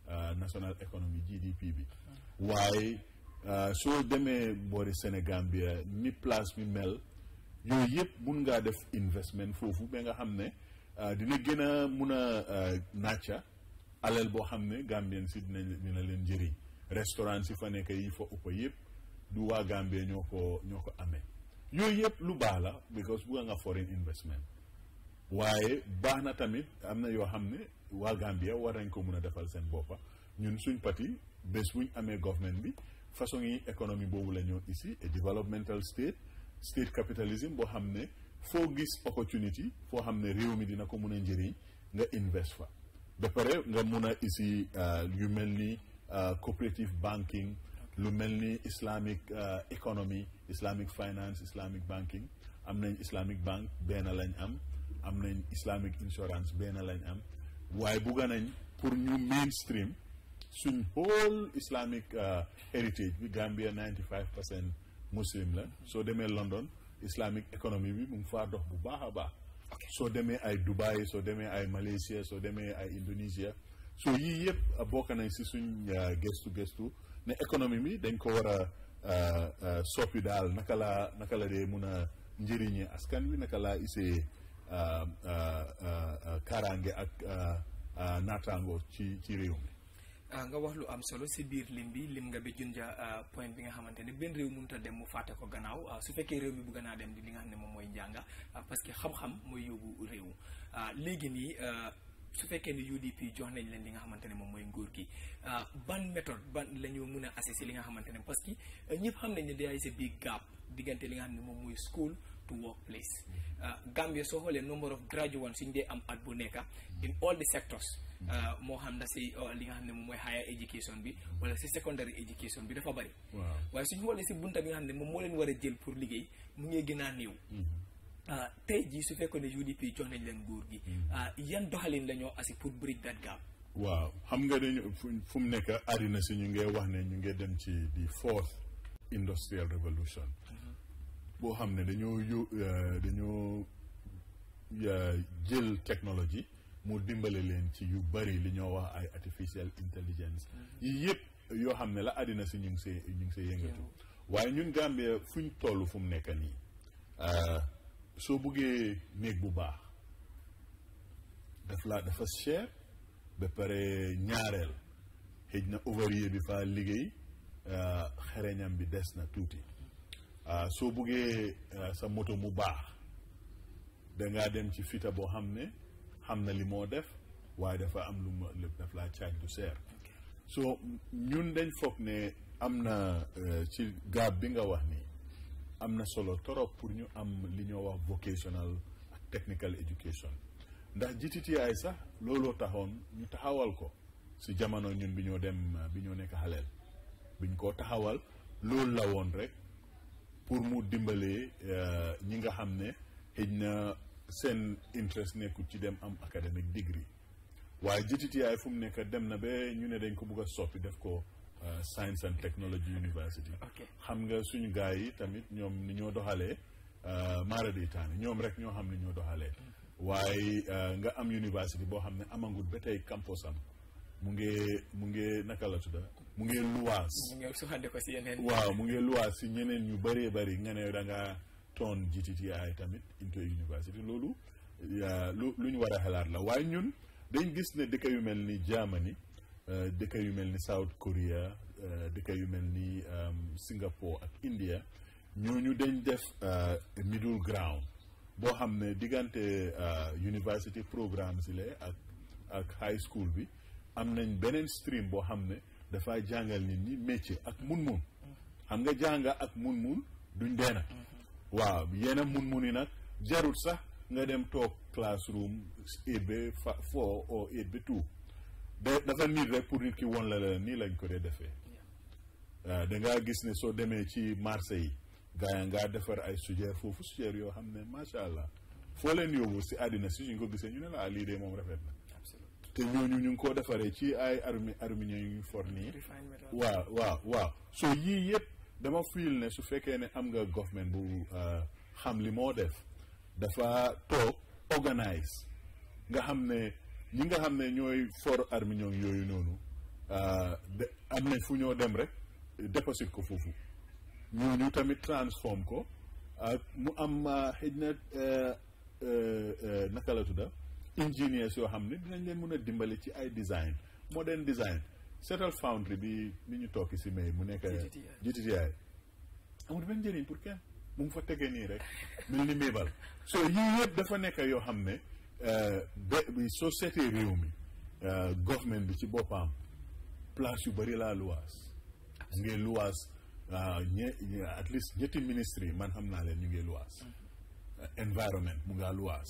euh, national economy GDP bi ah. waaye Euh, soo demee boori Sénégambia ni place bi mel yooyu yëpp mun ngaa def investment foofu ba nga xam ne euh, dina gën a mun a euh, nàcca alal boo xam ne Gambien si dina dina leen njëriñ restaurant si fa nekk yi fa uppa yëpp du waa Gambie ñoo ko ñoo ko amee yooyu yëpp lu baax la because bugga nga foreign investment waaye baax na tamit am na yoo xam ne waa Gambia war nañ ko mun a defal seen boppa ñun suñ pati bés buñ amee government bi façon yi économie boobu la ñoo ici et developmental state state capitalism boo xam ne foo gis opportunity foo xam ne réew mi dina ko mun a njëriñ nga invest fa ba pare nga mun a ici yu euh, mel ni euh, cooperative banking lu mel ni islamic euh, economy islamic finance islamic banking am nañ islamic bank benn lañ am am nañ islamic insurance benn lañ am waaye bugga nañ pour ñu mainstream suñ whole islamic uh, heritage bi Gambia 95 percent muslim la soo demee London islamic economy bi mu ngi faa dox bu baax a baax soo demee ay Dubai soo demee ay Malaysia soo demee ay Indonesia so yii yëpp uh, bokk nañ si suñ uh, gëstu gëstu ne économie bi dañ ko war a uh, uh daal naka la naka la dee mun a njëriñee askan wi naka laa isee uh, kaaraange ak naataango ci ci réew Euh, nga wax lu am solo si biir lim bi lim nga bi junja euh, point bi nga xamante ne benn réew mënut a dem mu fàtte ko gannaaw euh, su fekkee réew mi bëgg naa dem di li nga xam ne moom mooy njànga parce que xam mooy réew léegi nii su fekkee ne UDP jox nañ leen li nga xamante ne moom mooy nguur gi ban méthode ban la ñu mën a assessé li nga xamante ne parce que ñëpp xam nañ ne day sa big gap diggante li nga xam ne moom mooy school to workplace Gambia soo xoolee number of graduates suñ dee am at bu nekka in all the sectors Mm-hmm. Uh, moo xam da si oh, li nga xam ne moom mooy higher education bi wala si secondary education bi dafa bari waaye suñu xoolee si bunta bi nga xam ne moom moo leen war a jël pour liggéey mu ngee gën a néew mm-hmm. uh, tey jii su fekkoon ne UDP jox nañ leen nguur gi mm-hmm. uh, yan doxalin la ñoo asi pour bridge that gap waaw xam nga dañu fu mu nekk àddina si ñu ngee wax ne ñu ngee dem ci di fourth industrial revolution boo xam ne dañoo yó dañoo jël technologie mu dimbale leen ci yu bari li ñoo wax ay artificial intelligence mm-hmm. yi yëpp yoo xam ne la àddina si ñu ngi see ñu ngi see yëngatu waaye ñun Gambia fu ñu toll fu mu nekk nii euh, soo buggee néeg bu baax daf laa dafa cher ba pare ñaareel xëj na ouvrier bi faa liggéey euh, xereñam bi des na tuuti euh, soo buggee sa moto mu baax dangaa dem ci fita boo xam ne xam na li moo def waaye dafa am lu ma lépp daf laa caaj du seer so ñun dañ foog ne am na euh, ci gaab bi nga wax nii am na solo torop pour ñu am li ñoo wax vocational ak technical education ndax GTTI sax looloo taxoon ñu taxawal ko si jamono ñun bi ñoo dem bi ñoo nekk xaleel biñ ko taxawal loolu la woon rek pour mu dimbalee euh, ñi nga xam ne xëj na seen interest nekkul ci dem am academic degree waaye GTTI fu mu nekk dem na ba ñu ne dañ ko bugg soppi def ko euh, science and technology university xam nga suñu gars yi tamit ñoom ni ñoo doxalee euh, maara di taani ñoom rek ñoo xam ne ñoo doxalee waaye euh, nga am university boo xam ne amangul ba tey campusam mu ngee mu ngee naka la tudda mu ngee luwaas waaw mu ngee luwaas si ñeneen ñu bëree bëri nga ne dangaa turn GTTI tamit into university loolu lu lu ñu war a xalaat la waaye ñun dañ gis ne dëkk yu mel ni Germany euh, dëkk yu mel ni South Korea euh, dëkk yu mel ni euh, Singapore ak India ñooñu dañ def middle ground boo xam ne diggante university programme si la ak ak high school bi am nañ beneen stream boo xam ne dafa jàngal nit ñi métier ak mun-mun xam nga jàng ak mun-mun duñ deena waaw yeneen mun-mun yi nag jarut sax nga dem toog classroom eight ba fa four or eight ba two da dafa nit rek pour nit ki won la la nii lañ ko dee defee waaw ah, dangaa gis ne soo demee ci marché yi gaa yi ngaa defar ay sujeer foofu sujeer yoo xam ne macha allah foo leen yóbbu si àddina si ñu ko gisee ñu ne la ah, lii de moom rafet na te ñooñu ñu ngi koo defaree ci ay armi arminier yu ñu for nii waaw waaw waaw so yii yëpp dama fiil ne su fekkee ne am nga government bu euh, xam li moo def dafa toog organise nga xam ne ñi nga xam ne ñooy for arminion yooyu noonu euh, am nañ fu ñoo dem rek déposit ko foofu ñooñu tamit transform ko ak mu am euh, xëj na naka la tudda ingénieurs yoo xam ne dinañ leen mën a dimbali ci ay design modern design Seetal Foundry bi bi ñu toog si may mu nekk GTTI amul benn njëriñ pour kenn mu ngi fa tegee nii rek mel ni mébal so yii yëpp dafa nekk yoo xam ne eh, be soo seetee réew mi eh, government bi ci boppam place yu bari laa luwaas ñu ngee luwaas ah, ñe at least ñetti ministres yi man xam naa leen ñu ngee luwaas mm-hmm. environment mu ngaa luwaas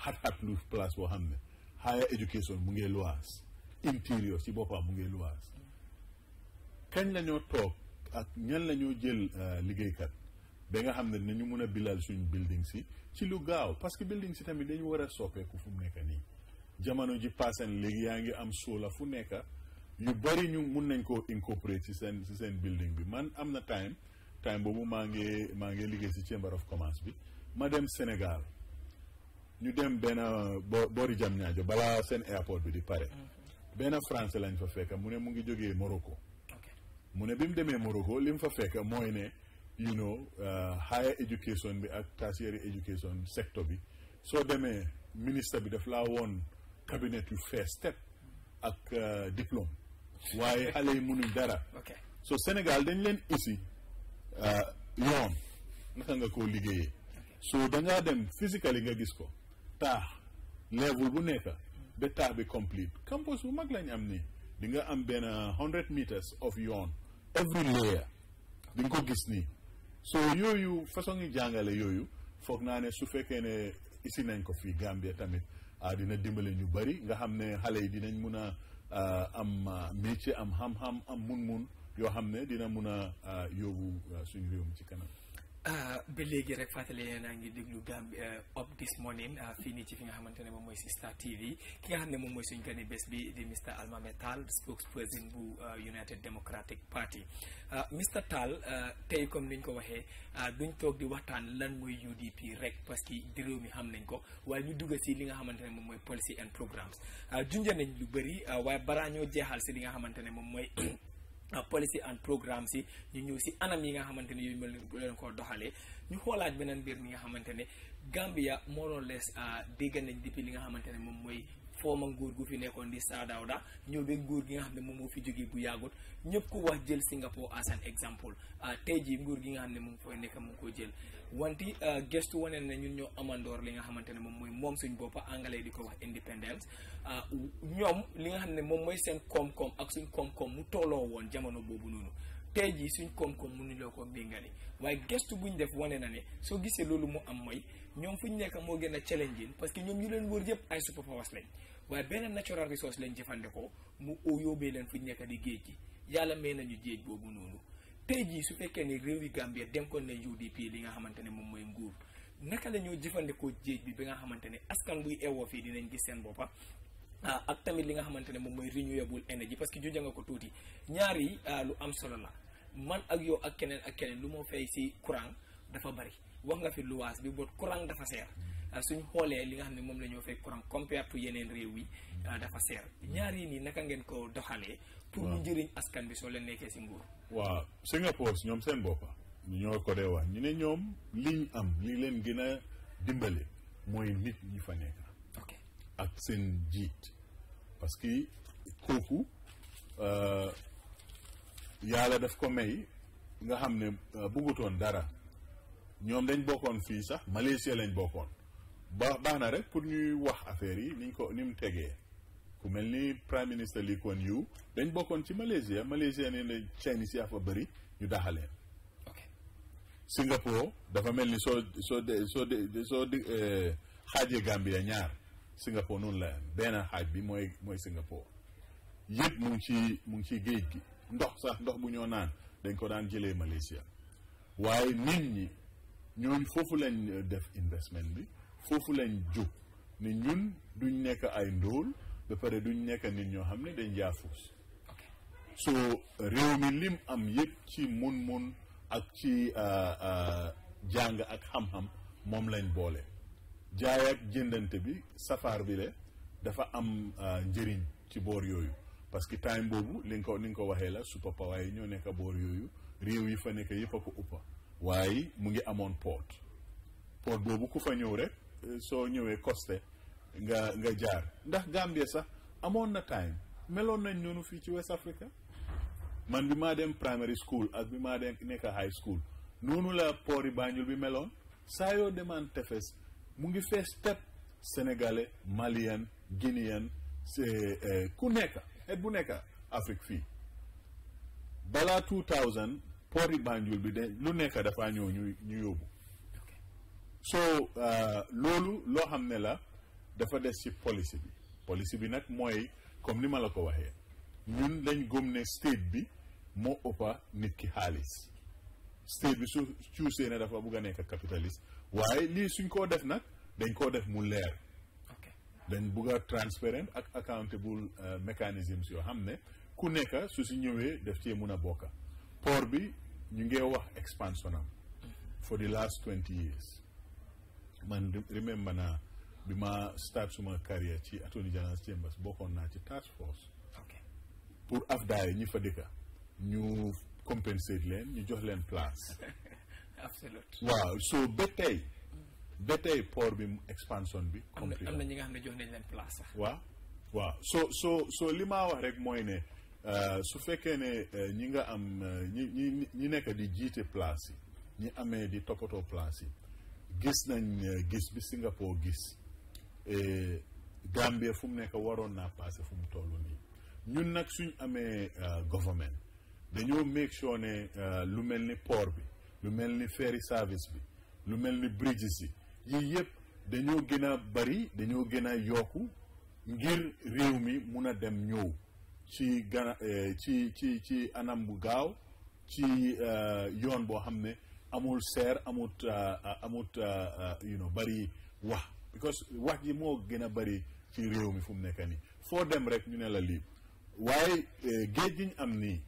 xat-xat lu place boo xam ne higher education mu ngee luwaas ultérieur ci boppam mu ngi luwaas kañ la ñoo toog ak ñan la ñoo jël euh, liggéeykat ba nga xam ni ñu mun a bilal suñu building si ci lu gaaw parce que building si tamit dañu war a soppeeku fu mu nekk nii jamono ji paaseen léegi yaa ngi am soola fu nekk yu bari ñu mun nañ koo incorporate ci seen ci seen building bi man am na time time boobu maa ngi maa ngi liggéey ci chamber of commerce bi ma dem Sénégal ñu dem benn euh, boori jam ñaajo balaa seen airport bi di benn français lañ fa fekk mu ne mu ngi jógee Morocco mu ne bi mu demee Morocco li mu fa fekk mooy ne you know uh, higher education bi ak tertiary education sector bi soo demee ministre bi daf laa woon cabinet yu first step ak uh, diplôme waaye xale yi mënuñ dara so Sénégal dañ leen aussi uh, yoon naka nga koo liggéeyee so dangaa dem physically nga gis ko taax level bu nekk ba taax bi complete campus bu mag lañ am ni di nga am benn hundred meters of yoon every layer di nga ko gis nii so yooyu façon yi jàngale yooyu foog naa ne su fekkee ne isi nañ ko fii Gambia tamit ah, dina dimbale ñu bari nga xam ne xale yi dinañ mun a ah, am ah, métier am xam-xam am mun-mun yoo xam ne dina mun a yóbbu suñu réew mi ci kanam Euh, ba léegi rek fàttali yéen a ngi déglu Gambi up uh, this morning uh, fii nii ci fi nga xamante ne moom mooy si TV ki nga xam ne moom mooy suñu gani bés bi di Mr Almami Tall spokesperson bu uh, United Democratic Party Mr Tall tey comme niñ ko waxee duñ toog di waxtaan lan mooy UDP rek parce que di mi xam nañ ko waaye ñu dugg si li nga xamante ne moom mooy policy and programmes junja nañ lu bëri waaye baraa ñoo jeexal si li nga xamante ne moom mooy Ah, policy and programme si ñu ñëw si anam yi nga xamante ne yooyu mën leen koo doxalee ñu xoolaat beneen mbir mi nga xamante ne Gambia more or less ah, dégg nañ depuis li nga xamante ne moom mooy fooma nguur gu fi nekkoon di Sir Dawda ñëw ba nguur gi nga xam ne moom moo fi jógee bu yàggut ñëpp ko wax jël Singapore as an example ah, tey jii nguur gi nga xam ne moom fooy nekk mu ko jël wanti euh, gëstu wane na ñun ñoo amandoor li nga xamante ne moom mooy moom suñ boppa anglais di ko wax independence euh, ñoom li nga xam ne moom mooy seen koom-koom ak suñ koom-koom mu tolloo woon jamono boobu noonu tey jii suñ koom-koom mënuñoo ko méngale waaye gëstu buñ def wane na ne soo gisee loolu mu am mooy ñoom fu ñu nekk moo gën a challenging parce que ñoom ñu leen wër yëpp ay superpowers lañ waaye benn natural resource lañ jëfandikoo mu yóbbee leen fu nekk di géej gi yàlla may nañu géej boobu noonu tey jii su fekkee ne réew yi Gambia dem ko ne UDP li nga xamante ne moom mooy nguur naka la ñoo jëfandikoo jéej bi bi nga xamante ne askan buy ewoo fii dinañ gis seen boppa ah, ak tamit li nga xamante ne moom mooy renewable energy parce que ju nga ko tuuti ñaari yi ah, lu am solo la man ak yow ak keneen ak keneen lu moo fay si courant dafa bari wax nga fi lu luwaas bi boot courant dafa seer ah, suñ xoolee li nga xam ne moom la ñoo fay courant compared to yeneen réew yi dafa seer ñaar yi nii naka ngeen ko doxalee pour ñu njëriñ bi soo leen si waaw Singapore ñoom seen boppa ah, ñoo ko dee wax ñu ne ñoom liñ am li leen gën a dimbale mooy nit ñi fa nekk ak seen jiit parce que kooku uh, yàlla def ko may nga xam ne uh, bëggutoon dara ñoom dañ bokkoon fii sax Malaysia lañ bokkoon ba baax na rek pour ñuy wax affaire yi niñ ko ni mu tegee ku mel ni prime minister Lee Kuan Yew dañ bokkoon ci Malaysia Malaysia ne ne Chinese yaa fa bëri ñu daxaleen ok Singapore dafa mel ni soo soo de soo de soo di eh, xaajee Gambia ñaar Singapore noonu la benn xaaj bi mooy mooy Singapore yëpp mu ci mu ngi ci géej gi ndox sax ndox bu ñoo naan dañ ko daan jëlee Malaysia waaye nit ñi ñooñ foofu lañ def investment bi foofu lañ jóg ne ñun duñ nekk ay ndóol ba pare duñ nekk nit ñoo xam ne dañ jaafuus so réew mi lim am yëpp ci mun-mun ak ci euh, euh, jàng ak xam-xam moom lañ boole jaay ak jëndante bi safaar bi le dafa am euh, njëriñ ci boor yooyu parce que time boobu li nga ko ni nga ko waxee la super power waaye ñoo nekk boor yooyu réew yi fa nekk yëpp a uppa waaye mu ngi amoon port port boobu ku fa ñëw rek soo ñëwee coste nga nga jaar ndax Gambie sax amoon na time meloon nañ noonu fii ci West Africa man bi maa dem primary school ak bi maa dem nekk high school noonu la poori Banjul bi meloon saa yoo demaan tefes mu ngi fees tepp sénégalais malien guinéen eh, eh, ku nekk et bu nekk Afrique fii balaa 2000 poori Banjul bi de lu nekk dafa ñëw ñu yóbbu so ah, loolu loo xam ne la dafa des ci policy bi policy bi nag mooy comme ni ma la ko waxee ñun lañ gëm ne state bi moo ëppa nit ki xaalis state bi su cuusee ne dafa bugg a nekk capitaliste waaye lii suñ koo def nag dañ koo def mu leer dañ bugg a transparent ak accountable uh, mechanisms yoo xam ne ku nekk su si ñëwee def ci mun a bokka port bi ñu ngee wax expansion am mhm. for the last twenty years man remember naa bi ma start suma carrière ci attorney general's chambers bokkoon naa ci task force okay. pour afdaay ñi fa dëkka ñu compenser leen ñu jox leen place absolute waaw so ba tey ba tey bi expansion am na ñi nga xam ne jox nañ leen place sax waaw waaw so so so li maa wax rek mooy ne uh, su fekkee ne euh, ñi nga am euh, ñi ñi ñi nekk di jiite place yi ñi amee di toppatoo place yi gis nañ uh, gis bi Singapore gis Eh, Gambia fu mu nekk waroon naa passé fu mu toll nii ñun nag suñ amee eh, government dañoo make sure ne eh, lu mel ni poor bi lu mel ni ferry service bi lu mel ni bridges yi yii yëpp dañoo gën a bari dañoo gën a yokku ngir réew mi mun a dem ñëw ci gana ci ci ci anam bu gaaw ci yoon boo xam ne amul seer amut amut bari wax because wax ji moo gën a bari ci réew mi fu mu nekk nii foo dem rek ñu ne la lii waaye eh, géej gi ñu am nii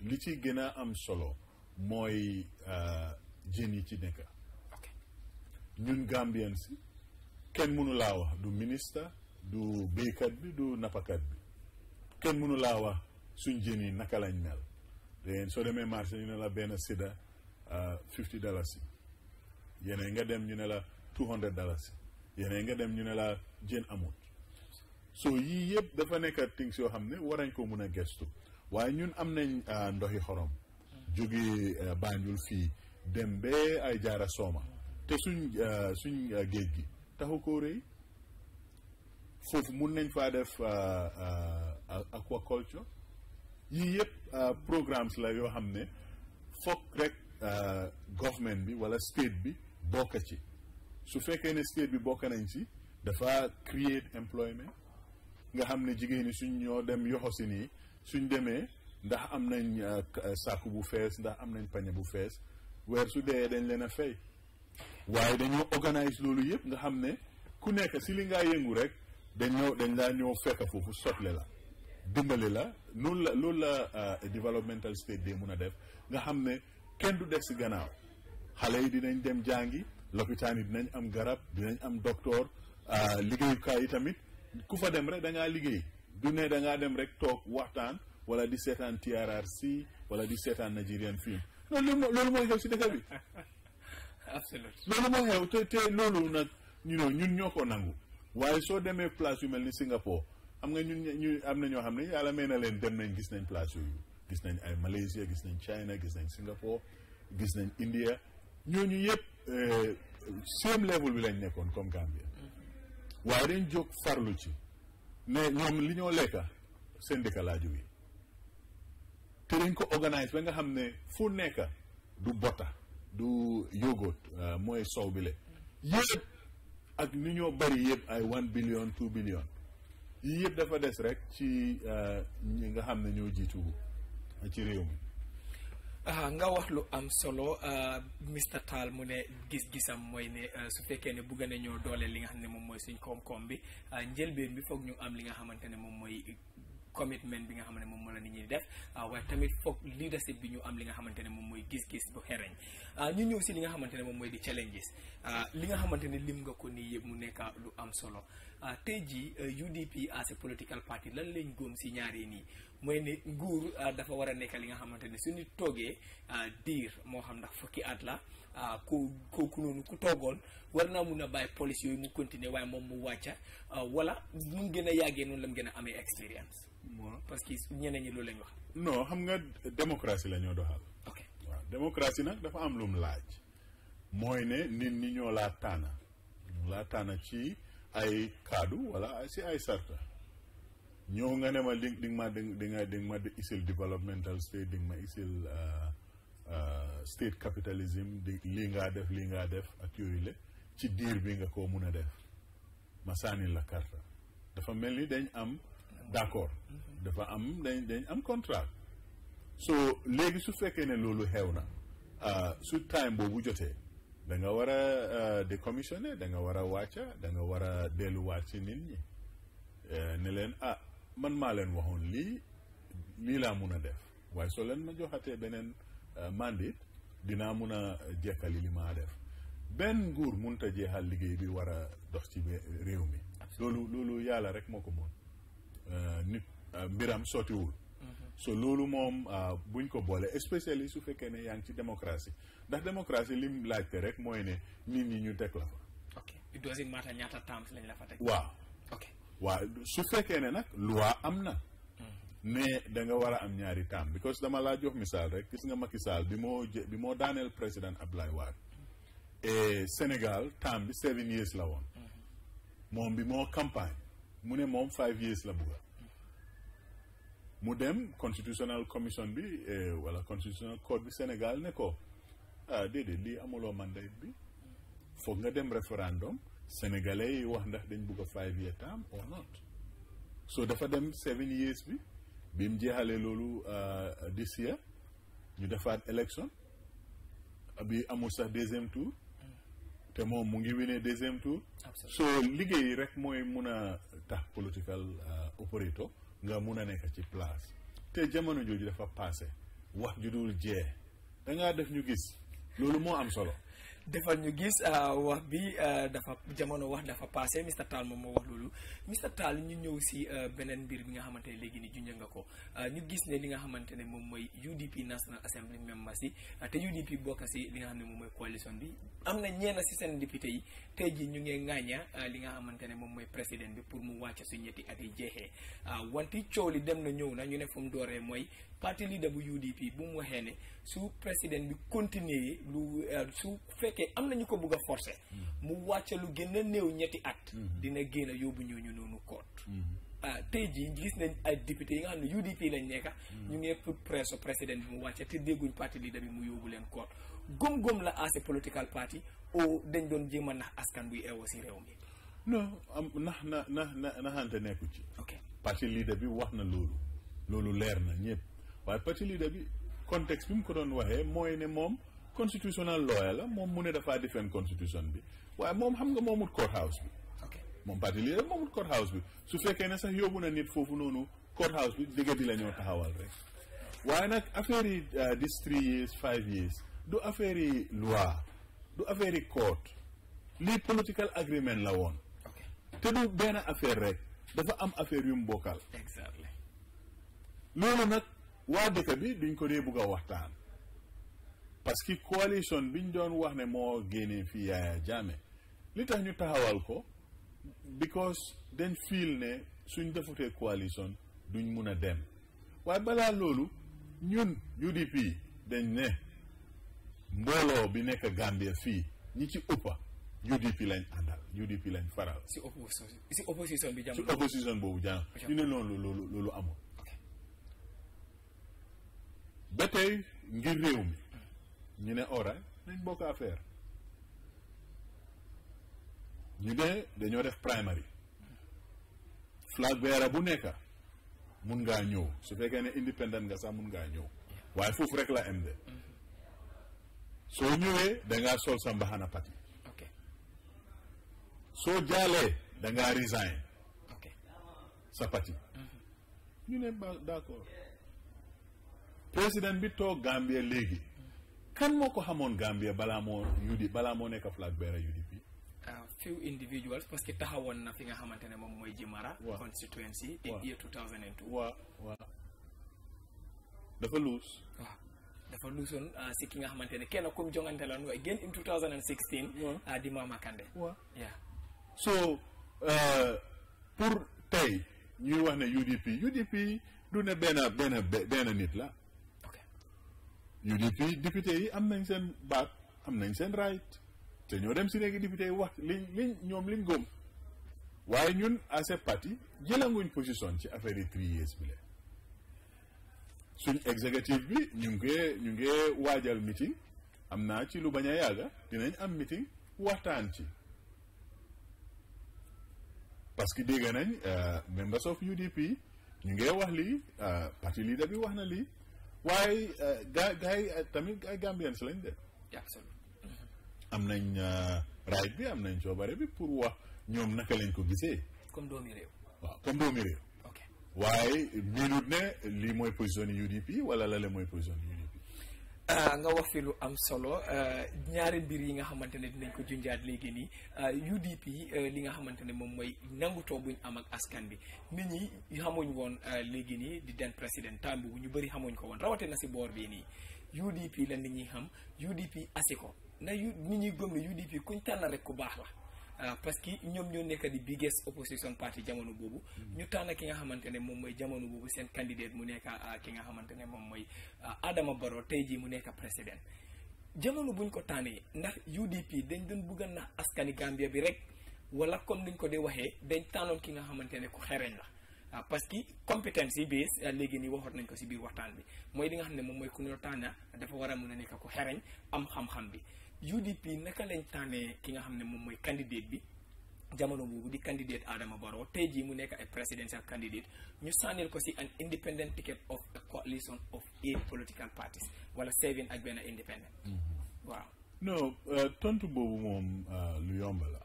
li ci gën a am solo mooy eh, jën yi ci nekk ñun Gambien si kenn mënu laa wax du ministre du béykat bi du nappakat bi kenn mënu laa wax suñ jën yi naka lañ mel léegi soo demee marché ñu ne la benn sida eh, fifty dalasi yeneen nga dem ñu ne la two hundred dalasi yeneen nga dem ñu ne laa jën amut so yii yëpp dafa nekk things yoo xam ne war nañ ko mun a gestu waaye ñun am nañ ah, ndoxi xorom jóge ah, Banjul fii dem bee ay jaara sooma te suñ ah, suñ géej gi taxu ko rëy foofu mun nañ faa def aquaculture yii yëpp programmes la yoo xam ne fokk rek government bi wala state bi bokk ci su fekkee ne state bi bokk nañ si dafa create employment nga xam ne jigéen ñi suñ ñoo dem yoxo si nii suñ demee ndax am nañ euh, euh, sàkku bu fees ndax am nañ pañe bu fees weer su dee dañ leen a fay waaye dañoo organise loolu yëpp nga xam ne ku nekk si li ngaa yëngu rek dañ ñëw dañ laa ñëw fekk foofu sotle la dimbali la noonu la loolu la euh, developmental state day mun a def nga xam ne kenn du def si gannaaw xale yi dinañ dem jàngi lopitaan yi dinañ am garab dinañ am docteur ah, liggéeyukaay yi tamit ku fa dem rek dangaa liggéey du ne da dem rek toog waxtaan wala di seetaan TRRC wala di seetaan Nigerian film loolu moo loolu mooy xew si dëkk bi. loolu mooy xew te loolu nag ñu know ñun ñoo ko nangu waaye soo demee place yu mel ni Singapore xam nga ñun ñu am na ñoo xam ne yàlla may na leen dem nañ gis nañ place yooyu gis nañ ay Malaysia gis nañ China gis nañ Singapore gis nañ India ñooñu yëpp eh, same level bi lañ nekkoon comme Gambia waaye dañ jóg farlu ci ne ñoom li ñoo lekka seen dëkka laa jóge te dañ ko organise ba nga xam ne fu nekka du bota du yogoot euh, mooy sow bi le yëpp ak ni ñoo bari yëpp ay one billion two billion yii yëpp dafa des rek ci euh, ñi nga xam ne ñoo jiitu ci réew mi Ah, nga wax lu am solo ah, Mr Tall mu ne gis-gisam mooy ne ah, su fekkee ne bugg nañoo dooleel li nga xam ne moom mooy suñ koom-koom bi njëlbeen bi foog ñu am li nga xamante ne moom mooy commitment bi nga xam ne moom moo la nit ñi def waaye tamit foog leadership bi ñu am li nga xamante ne moom mooy gis-gis bu xereñ ñu ñëw si li nga xamante ne moom mooy di challenges li nga xamante ne lim nga ko nii yëpp mu nekk lu am solo te jii UDP as a political party lan lañ góom si ñaari nii mooy ne nguur euh, dafa war a nekka li nga xamante ne suñu toogee euh, diir moo xam ndax fukki at la euh, ku kooku noonu ku toogoon war naa mun a bàyyi police yooyu mu continuer waaye moom mu wàcca wala nu mu gën a yàggee noonu la mu gën a amee expérience. parce que ñeneen ñi loolu lañ wax. non xam nga démocratie la ñoo doxal. ok waaw démocratie nag dafa am lu mu laaj. mooy ne nit ñi ñoo laa taana ñoo laa taana ci ay kaadu wala ci ay sarta ñëw nga ne ma li di ma di nga di nga ma di isil developmental state di nga ma isil uh, uh, state capitalism di lii ngaa def lii ngaa def ak yooyu la ci diir bi nga ko mun a def ma sànni la carte dafa mel ni dañ am d'accord dafa am dañ dañ am contrat so léegi su fekkee ne loolu xew na uh, su time boobu jotee da nga war a décommissionné da nga war a wàcca da nga war a delluwaat ci nit ñi ne leen ah man maa leen waxoon lii nii laa mun a def waaye soo leen ma joxatee beneen euh, mandit dinaa mun a euh, jekkali li maa def benn nguur mun ta jeexal liggéey bi war a dox ci réew mi loolu loolu yàlla rek moo ko mun euh, nit mbiram sottiwul mm-hmm. so loolu moom buñ ko boole especially su fekkee ne yaa ngi ci démocratie ndax démocratie lim laajte rek mooy ne nit ñi ñu teg la fa. ok it doesn't matter lañ la fa teg. waaw waa su fekkee ne nag loi am na ne danga war a am ñaari taam because dama laa jox misaal rek gis nga Macky saal bi moo jë bi moo daaneel président ab Wade et Sénégal taam bi seven years la woon moom bi moo campagne mu ne moom five years la bugga mu dem constitutional commission bi eh, wala constitutional court bi Sénégal ne ko ah déedéet lii amuloo mandat bi foog nga dem référendum sénégalais yi wax ndax dañ bugg a five year term or not so dafa dem seven years bi bi mu jeexalee loolu euh, this year ñu defaat élection bi amul sax deuxième tour te moom mu ngi winee deuxième tour so liggéey rek mooy mun a tax political euh, operator nga mun a nekk ci place te jamono jooju dafa passé wax ju dul jeex dangaa def ñu gis loolu moo am solo defal ñu gis euh, wax bi euh, dafa jamono wax dafa passé Mr Tall moom moo wax loolu Mr Tall ñu ñëw si euh, beneen mbir bi nga xamante ne léegi ni junj nga ko ñu gis ne li nga xamante ne moom mooy UDP National Assembly members yi te UDP bokk si li nga xam ne moom mooy coalition bi am na ñeena seen député tey ji ñu ngi ŋaaña li nga xamante ne moom mooy président bi pour mu wàcce su ñetti at yi jeexee wante coow li dem na ñëw na ñu ne fu mu dooree mooy parti leader bu UDP bu mu waxee ne su président bi continuer lu su fekk fekkee am ñu ko bëgg a forcé mu wàcce lu gën a néew ñetti at mhm. dina génn yóbbu ñooñu noonu koot mhm. ah tey jii gis nañ ay député yi nga xam ne UDP lañ nekka mhm. ñu ngee pour presso président bi mu wàcce te dégguñ parti leader bi mu yóbbu leen koot gom-gom la assez political party o dañ doon jéem a nax askan buy eewoo si réew mi non am nax na na na naxante nekku ci ok parti leader bi wax na loolu loolu leer na ñëpp waaye parti leader bi contexte bi mu ko doon waxee mooy ne moom constitutional lawyer la moom mu ne dafaa defend constitution bi waaye moom xam nga moomut court house bi moom parti lii rek moomut court bi su fekkee ne sax yóbbu na nit foofu noonu court bi dëgg bi la ñoo taxawal rek waaye nag affaire yi these three years five years du affaire yi loi du affaire yi court lii political agreement la woon te du benn affaire rek dafa am affaire yu mu bokkal exactly loolu nag waa dëkk bi duñ ko dee bugg waxtaan parce que coalition bi ñu doon wax ne moo génnee fii Yaya Jammeh li tax ñu taxawal ko because dañ fiil ne suñ defutee coalition duñ mun a dem waaye balaa loolu ñun UDP dañ ne mbooloo bi nekk Gambia fii ñi ci ëppa UDP lañ àndal UDP lañ faral. si opposition si boobu jàmm ñu ne loolu loolu loolu amul. ba tey ngir réew mi. ñu ne Orange nañ bokk affaire ñu ne dañoo def primary flag bearer bu nekk mun ngaa ñëw su fekkee ne independent nga sax mun ngaa ñëw waaye foofu rek la am de soo ñëwee dangaa sol sa mbaxana pati soo jaalee dangaa resign sa pati mhm. ñu ne ba d'accord président bi toog Gambia léegi kan moo ko xamoon Gambia balaa moo UDP balaa moo nekk flag bearer UDP. Ah, few individuals parce que taxawoon na fi nga xamante ne moom mooy Jimara. waaw constituency. waaw in year 2002. dafa luus. waaw dafa luusoon ah, si ki nga xamante ne kenn comme jongante la nu again in 2016. ah di Mama Kande. waaw yeah. so ah, pour tey ñuy wax ne UDP UDP du ne benn benn benn nit la. ñu di fii yi am nañ seen baat am nañ seen right te ñoo dem si léegi député yi wax liñ liñ ñoom liñ góom waaye ñun ACP parti jëlanguñ position ci affaire yi three years bi la suñ exécutif bi ñu ngi ñu ngi waajal meeting am naa ci lu bañ a yàgga dinañ am meeting waxtaan ci parce que dégg nañ euh, members of UDP ñu ngi wax lii euh, parti leader bi wax na lii waaye eh, gaa gaa yi eh, tamit ay Gambien si lañ de. am nañ eh, raay bi am nañ coobare bi pour wax ñoom naka lañ ko gisee. comme doomi réew. waaw comme doomi réew. ok waaye miinut ne lii mooy position UDP wala lale mooy position UDP. nga wax fi lu am solo euh, ñaari mbir yi nga xamante ne dinañ ko junjaat léegi nii UDP euh, euh, li nga xamante ne moom mooy nangutoo buñ am ak askan bi nit ñi xamuñ woon léegi nii di den président temps bu ñu bëri xamuñ ko woon rawate na si boor bii nii UDP la nit ñi xam UDP asi ko na nit ñi gëm ne UDP kuñ tànn rek ku baax la Euh, parce que ñoom ñoo nekk di biggest opposition party jamono boobu. Mm-hmm. ñu tànn ki nga xamante ne moom mooy jamono boobu seen candidate mu nekk euh, ki nga xamante ne moom mooy euh, Adama Barrow tey jii mu nekk président jamono buñ ko tànnee ndax UDP dañ doon bugg na askani Gambia bi rek wala comme ñu ko di waxee dañ tànnoon ki nga xamante ne ku xereñ la. ah parce que compétence yi bi léegi nii waxoon nañ ko si biir waxtaan bi mooy li nga xam ne moom mooy ku ñu tànn dafa war a mun a nekk ku xereñ am xam-xam bi UDP naka lañ tànnee ki nga xam ne moom mooy candidate bi jamono boobu di candidate Adama Barrow tey jii mu nekk ay presidential candidate ñu sànnil ko si an independent ticket of a coalition of eight political parties wala seven ak benn independent mm-hmm. waaw non euh, tontu boobu moom euh, lu yomba la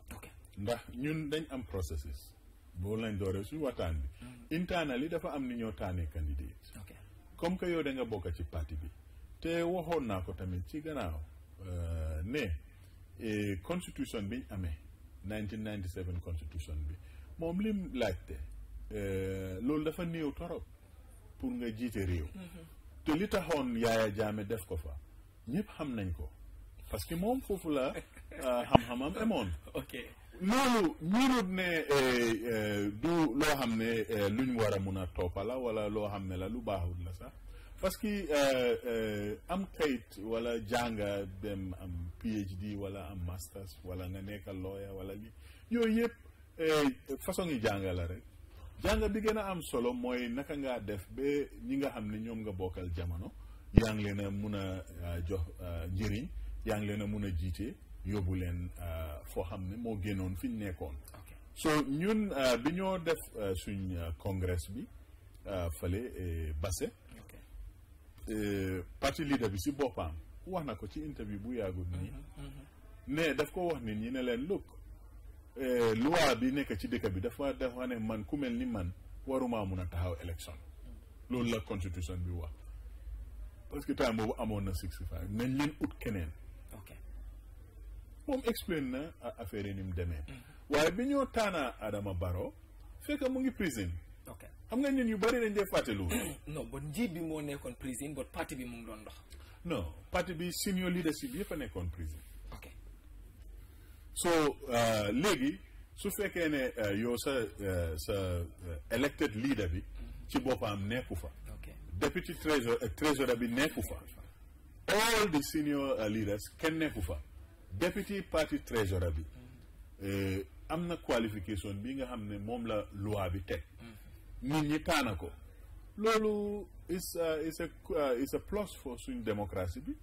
ndax ñun dañ am processus boobu lañ dooree su waxtaan bi mm-hmm. internally dafa am ni ñoo tànnee candidate comme que yow da nga ci parti bi te waxoon naa ko tamit ci ne euh, constitution bi ñu amee 1997 constitution bi moom lim laajte euh, loolu dafa néew torop pour nga jiite réew. Mm-hmm. te li taxoon Yaaya Jaame def ko fa ñëpp xam nañ ko parce que moom foofu la euh, xam-xamam amoon. ok loolu ñurut ne du loo xam ne lu ñu war a mun a toppala wala loo xam ne la lu baaxul la sax. parce que euh, euh, am kayit wala jànga dem am PhD wala am masters wala nga nekk lawyer wala li yooyu yëpp eh, façon yi jànga la rek jànga bi gën a am solo mooy naka ngaa def ba ñi nga xam ne ñoom nga bokkal jamono yaa ngi leen a mun a euh, jox njëriñ yaa ngi leen a mun a jiite yóbbu leen foo xam ne moo génnoon fi ñu nekkoon so ñun bi ñoo def suñ congrès bi fële eh, Basse Euh, parti leader bi si boppam wax na ko ci interview bu yàggul nii mhm, mhm. ne daf ko wax nit ñi ne leen look euh, loi bi nekk ci dëkk bi dafa dafa ne man ku mel ni man waruma mun a taxaw élection loolu la constitution bi wax parce que temps boobu amoon na sixty five nañ leen ut keneen moom explain na affaire yi ni mu demee mhm. waaye bi ñoo taanaa Adama Barrow fekk mu ngi prison ok xam nga nit ñu bëri dañ dee fàtte loolu. non bon njiit bi moo nekkoon prison bon parti bi mu ngi doon dox. non parti bi senior leadership yëpp a nekkoon prison. ok euh, léegi su fekkee ne euh, yow sa uh, bi. ci boppam nekku fa. ok deputy treasurer treasurer bi nekku fa. all the senior leaders kenn nekku fa. deputy party treasurer bi. Mm am na qualification bi nga xam ne moom la loi bi teg. Mm. nit ñi taana ko loolu is a uh, is a uh, is for suñu démocratie bi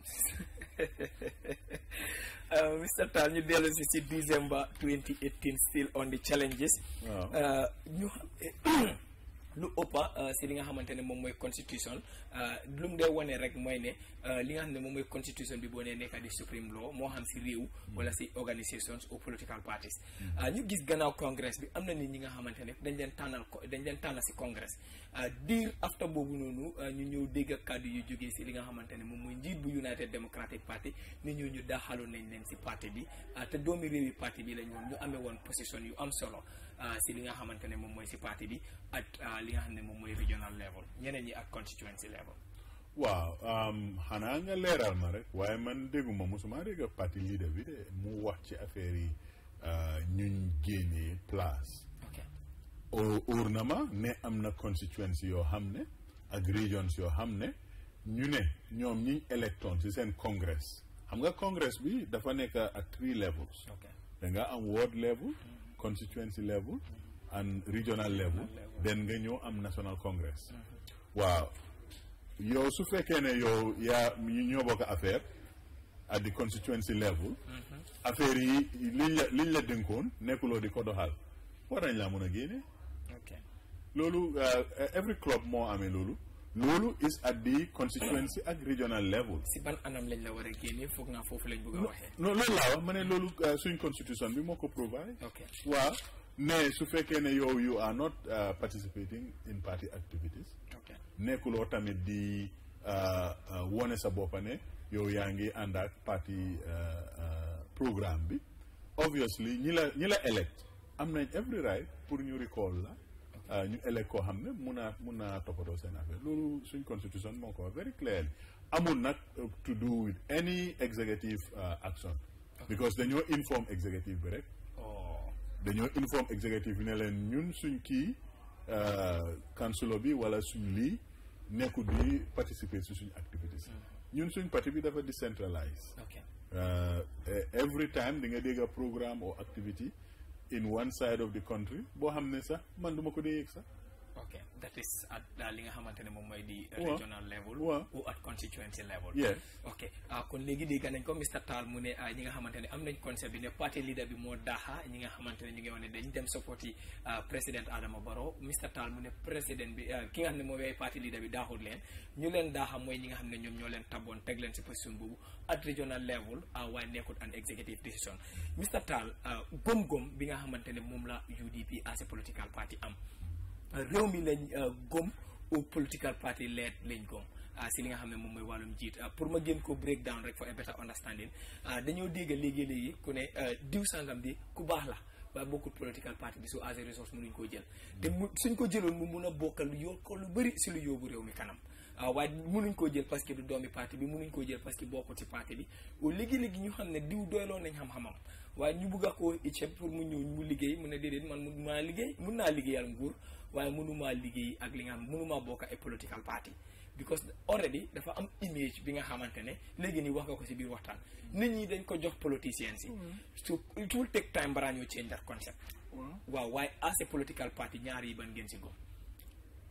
uh, Mr Tall ñu dellu si si December 2018 still on the challenges ñu eh, lu ëppa euh, si li nga xamante ne moom mooy constitution euh, lu mu dee wone rek mooy ne euh, li nga xam ne moom mooy constitution bi boo nee nekka di supreme law moo xam si réew wala si organisations ou political parties hmm. ñu gis gannaaw congress bi am na nit ñi nga xamante ne dañ leen tànnal dañ leen tànna si congress diir afta boobu noonu ñu ñëw dégg ak kàddu yu jógee si li nga xamante ne moom mooy njiit bu United Democratic Party ni ñu ñu xaloon nañ leen si parti bi te doomi réewi parti bi la ñoom ñu amee woon yu am solo Euh, si li nga xamante ne moom mooy si parti bi ak euh, li nga xam ne moom mooy regional level ñeneen ñi ak constituency level. waaw xanaa nga leeral ma rek waaye man dégguma mosuma dégg parti leader bi de mu wax ci affaire yi euh, ñuñ génnee place. o óor na ma ne am na constituency yoo xam ne ak regions yoo xam ne ñu ne ñoom ñiñ électoon si seen congress xam nga congress bi dafa nekk à three levels da nga am ward level mm. constituency level and regional level then nga ñëw am national congress waaw yow su fekkee ne yow yaa ñoo bokk affaire at the constituency level mm-hmm. affaire yi liñ la liñ la dénkoon nekkuloo di ko doxal war laa mën a génne loolu euh, every club moo amee loolu loolu is at the constituency ak regional level. si ban anam lañ la war a foog naa foofu lañ bëgg a waxee. non loolu laa wax ma ne loolu euh, suñ constitution bi moo ko provide. ok waaw ne su fekkee ne yow you are not euh, participating in party activities. ok nekkuloo tamit di euh, wone sa boppa ne yow yaa ngi ànd ak parti programme bi obviously ñi la ñi la elect am nañ every right pour ñu recall la. Euh, ñu élect koo xam ne mun naa mun naa toppatoo seen affaire loolu suñ constitution moo ko wax very clearly amul nag euh, to do with any executive euh, action because dañoo inform executive bi rek oh. dañoo inform executive bi ne leen ñun suñ kii councilor bi wala suñ lii nekku di participer si suñ activités mm-hmm. ñun suñ parti bi dafa décentralise e-, every time di nga dégg programme or activity in one side of the country boo xam ne sax man duma ko dee yëg ok that is li nga xamante ne moom mooy di. regional level. waaw ou at constituency level. yes ok ah, kon léegi dégg nañ ko Mr Tall mu ne ah, ñi nga xamante ne am nañ concept bi ne party leader bi moo daaxa ñi nga xamante ne ñu ngi wax ne dañ dem supporti ah, président Adama Barrow Mr Tall mu ne président bi ki nga xam ne moom mooy bi daaxul leen ñu leen daaxa mooy ñi nga xam ne ñoom ñoo leen taboon teg leen si position boobu at regional level waaye nekkul an executive decision Mr Tall góom-góom bi nga xamante ne moom la UDP as a political party am. réew mi lañ euh, gom au political party lead lañ gom ah, si li nga xam ne moom mooy wàllum jiit ah, pour ma gën ko break down rek for a better understanding ah, dañoo dégg léegi-léegi ku ne euh, diw sangam di ku baax la waaye bokkul political party bi so as a resource mënuñ koo jël te mu suñ ko jëloon mu mun a bokkal lu yokkoo lu bari si lu yóbbu réew mi kanam waaye mënuñ koo jël parce que du doomi parti bi mënuñ koo jël parce que bokkul ci parti bi au léegi-léegi ñu xam ne diw xam-xamam waaye ñu bugg a koo pour mu ñëw mu liggéey mu ne déedéet man mun naa liggéey mun naa waaye mënumaa liggéey ak li nga xam mënumaa bokk ay political party because already dafa am image bi nga xamante ne léegi nii wax nga ko si biir waxtaan nit ñi dañ ko jox politiciens yi mm. so it will take time bara ñoo change that concept waaw waaye as a political party ñaar yi ban ngeen si gom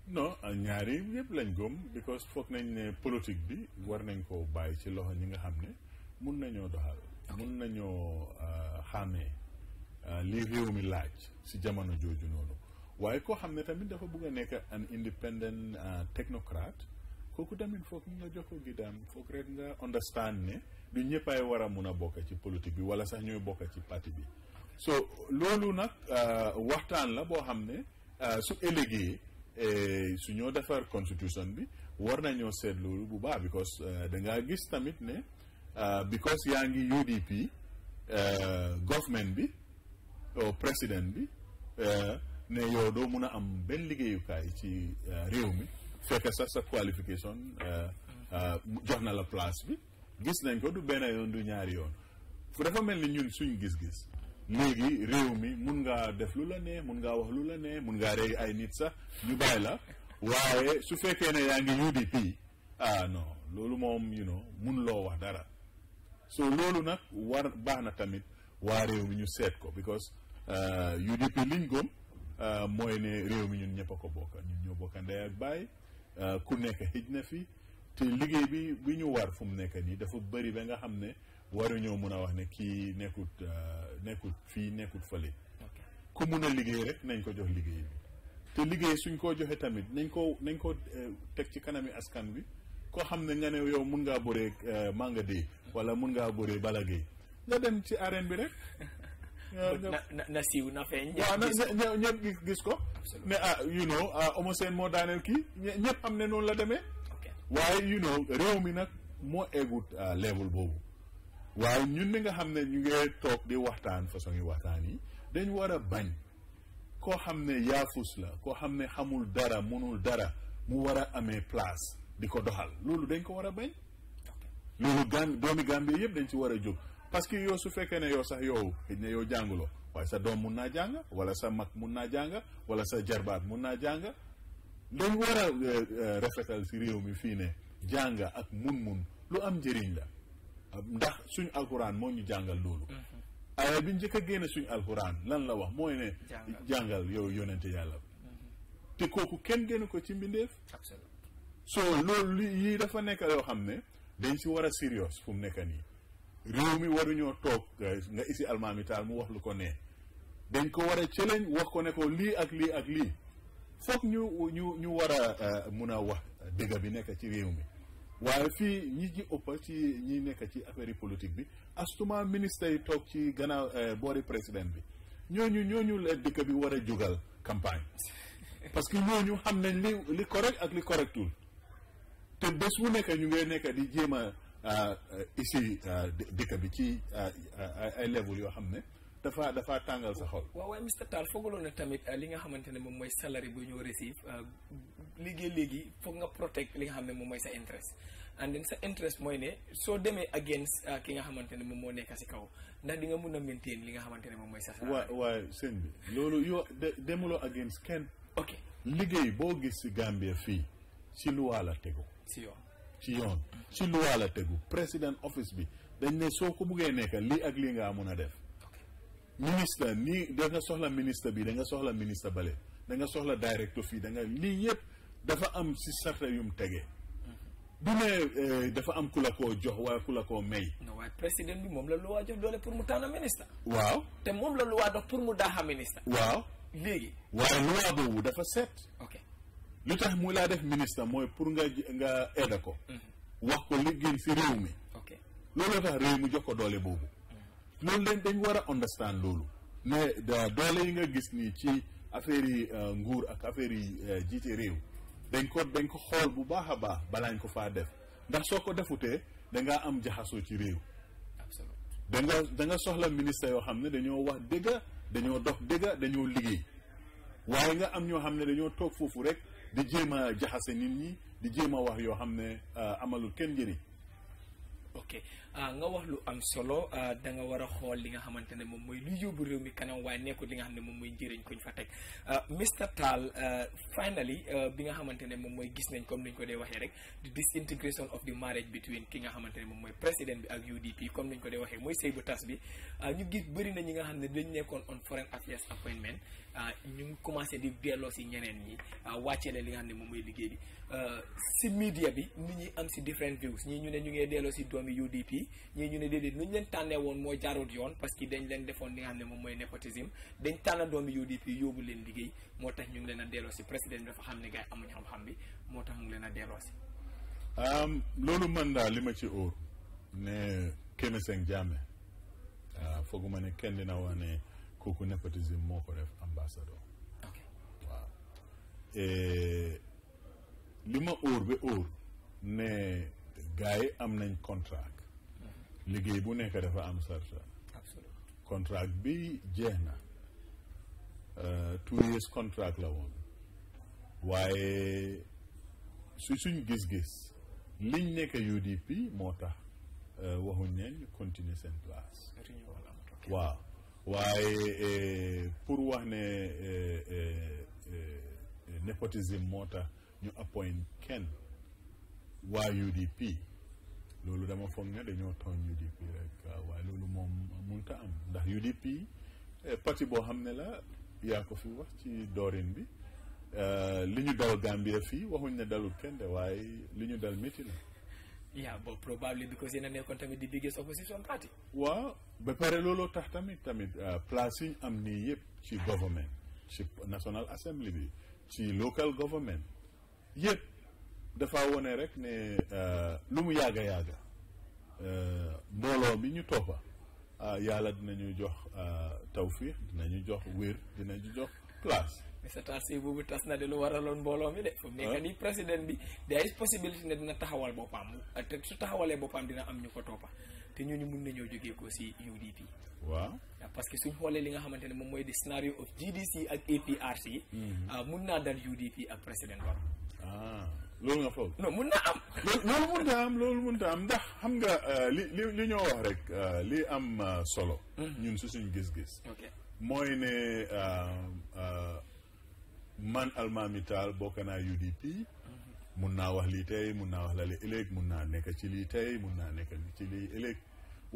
no ñaari yëpp lañ gom because foog nañ ne politique bi war nañ koo bàyyi ci loxo ñi nga xam ne mun nañoo doxal mun nañoo euh, xàmmee euh, lii réew mi laaj si jamono jooju noonu waaye koo xam ne tamit dafa bëgg a nekk an independent euh, technocrate kooku tamit foog nga jox ko gidaam foog rek nga understand ne du ñëppaay war a mun a bokk ci politique bi wala sax ñooy bokk ci parti bi so loolu nag euh, waxtaan la boo xam ne euh, su ëllëgee su ñoo defar constitution bi war nañoo seet loolu bu baax because dangaa gis tamit ne because yaa ngi UDP government bi oh, président bi ne yow doo mun a am benn liggéeyukaay ci euh, réew mi fekk sax sa qualification euh, euh, jox na la place bi gis nañ ko du benn yoon du ñaari yoon fu dafa mel ni ñun suñ gis-gis léegi réew mi mun ngaa def lu la ne mun ngaa wax lu la ne mun ngaa rey ay nit sax ñu bàyyi la waaye su fekkee ne yaa ngi UDP ah non loolu moom you mun loo wax dara so loolu nag war baax na tamit waa réew mi ñu seet ko because UDP liñ gëm Euh, mooy ne réew mi ñun ñëpp a ko bokk ñun ñoo bokk ndey ak baay euh, ku nekk xij na fi te liggéey bi bi ñu war fu mu nekk nii dafa bëri ba nga xam ne ñoo mën a wax ne kii nekkut euh, nekkut fii nekkut fële. ku mun a liggéey rek nañ ko jox liggéey bi te liggéey suñ koo joxe tamit nañ ko nañ ko teg ci kanami askan bi koo xam ne nga ne yow mun ngaa bëree mànga dee wala mun ngaa bëree balagee nga dem ci arène bi rek. na na na siiw na feeñ. waaw na ñëpp gis gis ko. ne ah you know Omo ah, Sène moo daaneel kii ñëpp xam ne noonu la demee. waaye you know réew mi nag moo egut ah, level boobu. waaye ñun ni nga xam ne ñu ngi toog di waxtaan façon yi waxtaan yi dañ war a bañ koo xam ne yaafus la koo xam ne xamul dara mënul dara mu war a amee place di ko doxal loolu dañ ko war a bañ. loolu gan doomi Gambie yëpp dañ ci war a jóg. parce que yow su fekkee ne yow sax yow xëj na yow jànguloo waaye sa doom mun naa jàng wala sa mag mun naa jàng wala sa jarbaat mun naa jàng dañ war a eh, eh, rafetal si réew mi fii ne jàng ak mun-mun lu am njëriñ la ah, ndax suñ alxuraan moo ñu jàngal loolu mm-hmm. aaya bi njëkk a génne suñ alxuraan lan la wax mooy ne jàngal yow yonente yàlla mm te kooku kenn génn ko ci mbindeef so loolu li yii dafa nekk yoo xam ne dañ si war a sérieux fu mu nekk nii réew mi waruñoo toog nga isi almaamitaal mu wax lu ko ne dañ ko war a challenge wax ko ne ko lii ak lii ak lii foog ñu ñu ñu war a mun a wax dëgg bi nekk ci réew mi waaye fii ñi ji ëpp ci ñi nekk ci affaire politique bi astuma ministre yi toog ci gannaaw e, boori président bi ñooñu ñooñu la dëkk bi war a jógal campagne parce que ñooñu xam nañ li li correct ak li correctul te bés bu nekk ñu ngay nekk di jéem a Euh, euh, ici euh, dëkk bi ci ay level yoo xam ne dafa dafa tàngal sa xol. waaw waaye Mr Tall foogaloon na tamit li nga xamante ne moom mooy salary bu ñoo receive liggéey léegi foog nga protect li nga xam ne moom mooy sa interest and then sa interest mooy ne soo demee against ki nga xamante ne moom moo nekk si kaw ndax di nga mun a maintain li nga xamante ne moom mooy sa salary. waaw waaw sëñ bi loolu yoo demuloo against kenn. ok liggéey boo gis si Gambia fii si luwaa la tegu. si yoon. ci yoon ci luwaa la tegu président office bi dañ ne soo ko buggee nekk lii ak lii nga mun a def ministre ni da nga soxla ministre bi da nga soxla ministre bale danga soxla directeur fii da nga lii yëpp dafa am si sarta yum tege bu mhm. ne eh, dafa am ku la koo jox waaye ku la koo may. non waaye président bi moom la luwaa jox doole pour mu tànn ministre. waaw te moom la luwaa dox pour mu daaxa ministre. waaw léegi. waaye luwaa boobu dafa set. li tax mu laa def ministre mooy pour nga nga aide ko mm-hmm. wax ko li gën si réew mi loolu tax réew mu jox ko doole boobu mm-hmm. loolu dañ dañ war a understand loolu mais doole yi nga gis nii ci affaire yi euh, nguur ak affaire yi euh, jiite réew dañ ko dañ ko xool bu baax a baax balaañ ko faa def ndax soo ko defutee dangaa am jaxasoo ci réew danga danga soxla ministre yoo xam ne dañoo wax dëgga dañoo dox dëgga dañoo liggéey waaye nga am ñoo xam ne dañoo toog foofu rek di jéem a jaxase nit ñi di jéem a wax yoo xam ne euh, amalul kenn njëriñ ok euh, nga wax lu am solo euh, da nga a xool li nga xamante ne moom mooy lu yóbbu réew mi kanam waaye nekkul li nga xam ne moom mooy njëriñ ko ñu fa teg Mr Tall finally bi nga xamante ne moom mooy gis nañ comme ni ñu ko dee waxee rek di disintegration of the marriage between ki nga xamante ne moom mooy président bi ak UDP comme ni ñu ko dee waxee mooy sëy bu tas bi ñu gis bëri na ñi nga xam ne dañ nekkoon on foreign affairs appointment Ah, ñu ngi commencé di delloo si ñeneen ñi ah, wàcce leen li nga xam ne moom mooy liggéey bi ah, si media bi nit ñi am si different views ñii ñu ne ñu ngee delloo si doomi UDP ñii ñu ne déedéet nu ñu leen tànnee woon moo jaarut yoon parce que dañ leen defoon li nga xam ne moom mooy népotisme dañ tànn doomi UDP yóbbu leen liggéey moo tax ñu ngi leen a delloo si président bi dafa xam ne gars yi amuñ xam-xam bi moo tax mu ngi leen a delloo si loolu man daal li ma ci óor ne Kemeseng Jammeh fooguma ne kenn dina wax ne kooku népotisme moo ko def ambassadeur waaw eh, li ma óor ba óor ne gars am nañ contrat mm-hmm. liggéey bu nekk dafa am sarta contrat bi jeex na eh, two years contract la woon waaye su suñ gis-gis liñ nekk UDP moo tax eh, waxuñ ne ñu seen place waaw waaye eh, pour wax ne eh, eh, népotisme moo tax ñu appoint kenn waa UDP loolu dama foog ne dañoo tooñ UDP rek waaye loolu moom munta am ndax UDP parti boo xam ne la yaa ko fi wax ci dorin bi li ñu dal Gambia fii waxuñ ne dalul kenn de waaye li ñu dal métti na yaa boobu probably because yéen a nekkoon tamit di biggest opposition party. waaw ba pare looloo tax tamit tamit uh, place yu am nii yëpp ci government ci national assembly bi ci local government yëpp dafa wone rek ne uh, lu mu yàgga yàgga uh, mbooloo bi ñu toppa yàlla dinañu jox tawfiix dinañu jox wér ñu jox place sa taasee boobu tas na de lu waraloon mbooloo mi de. fu mu nekk bi there is possibility ne dina taxawal boppam te su taxawalee boppam dina am ñu ko toppa te ñooñu mun na ñoo jógee ko si UDP. waaw ah, parce que suñ xoolee li nga xamante ne moom mooy di scénario of GDC ak APRC. Mhm. Ah, mun naa dal UDP ak président ba. ah loolu nga foog. mun naa am. loolu mun naa am loolu mun naa am ndax xam nga euh, li li li ñoo wax rek euh, li am euh, solo. Mhm. ñun su suñ gis-gis. ok mooy ne. man Almami Tall bokk naa UDP mun naa wax lii tey mun naa wax lale ëllëg mun naa nekk ci lii tey mun naa nekk ci lii ëllëg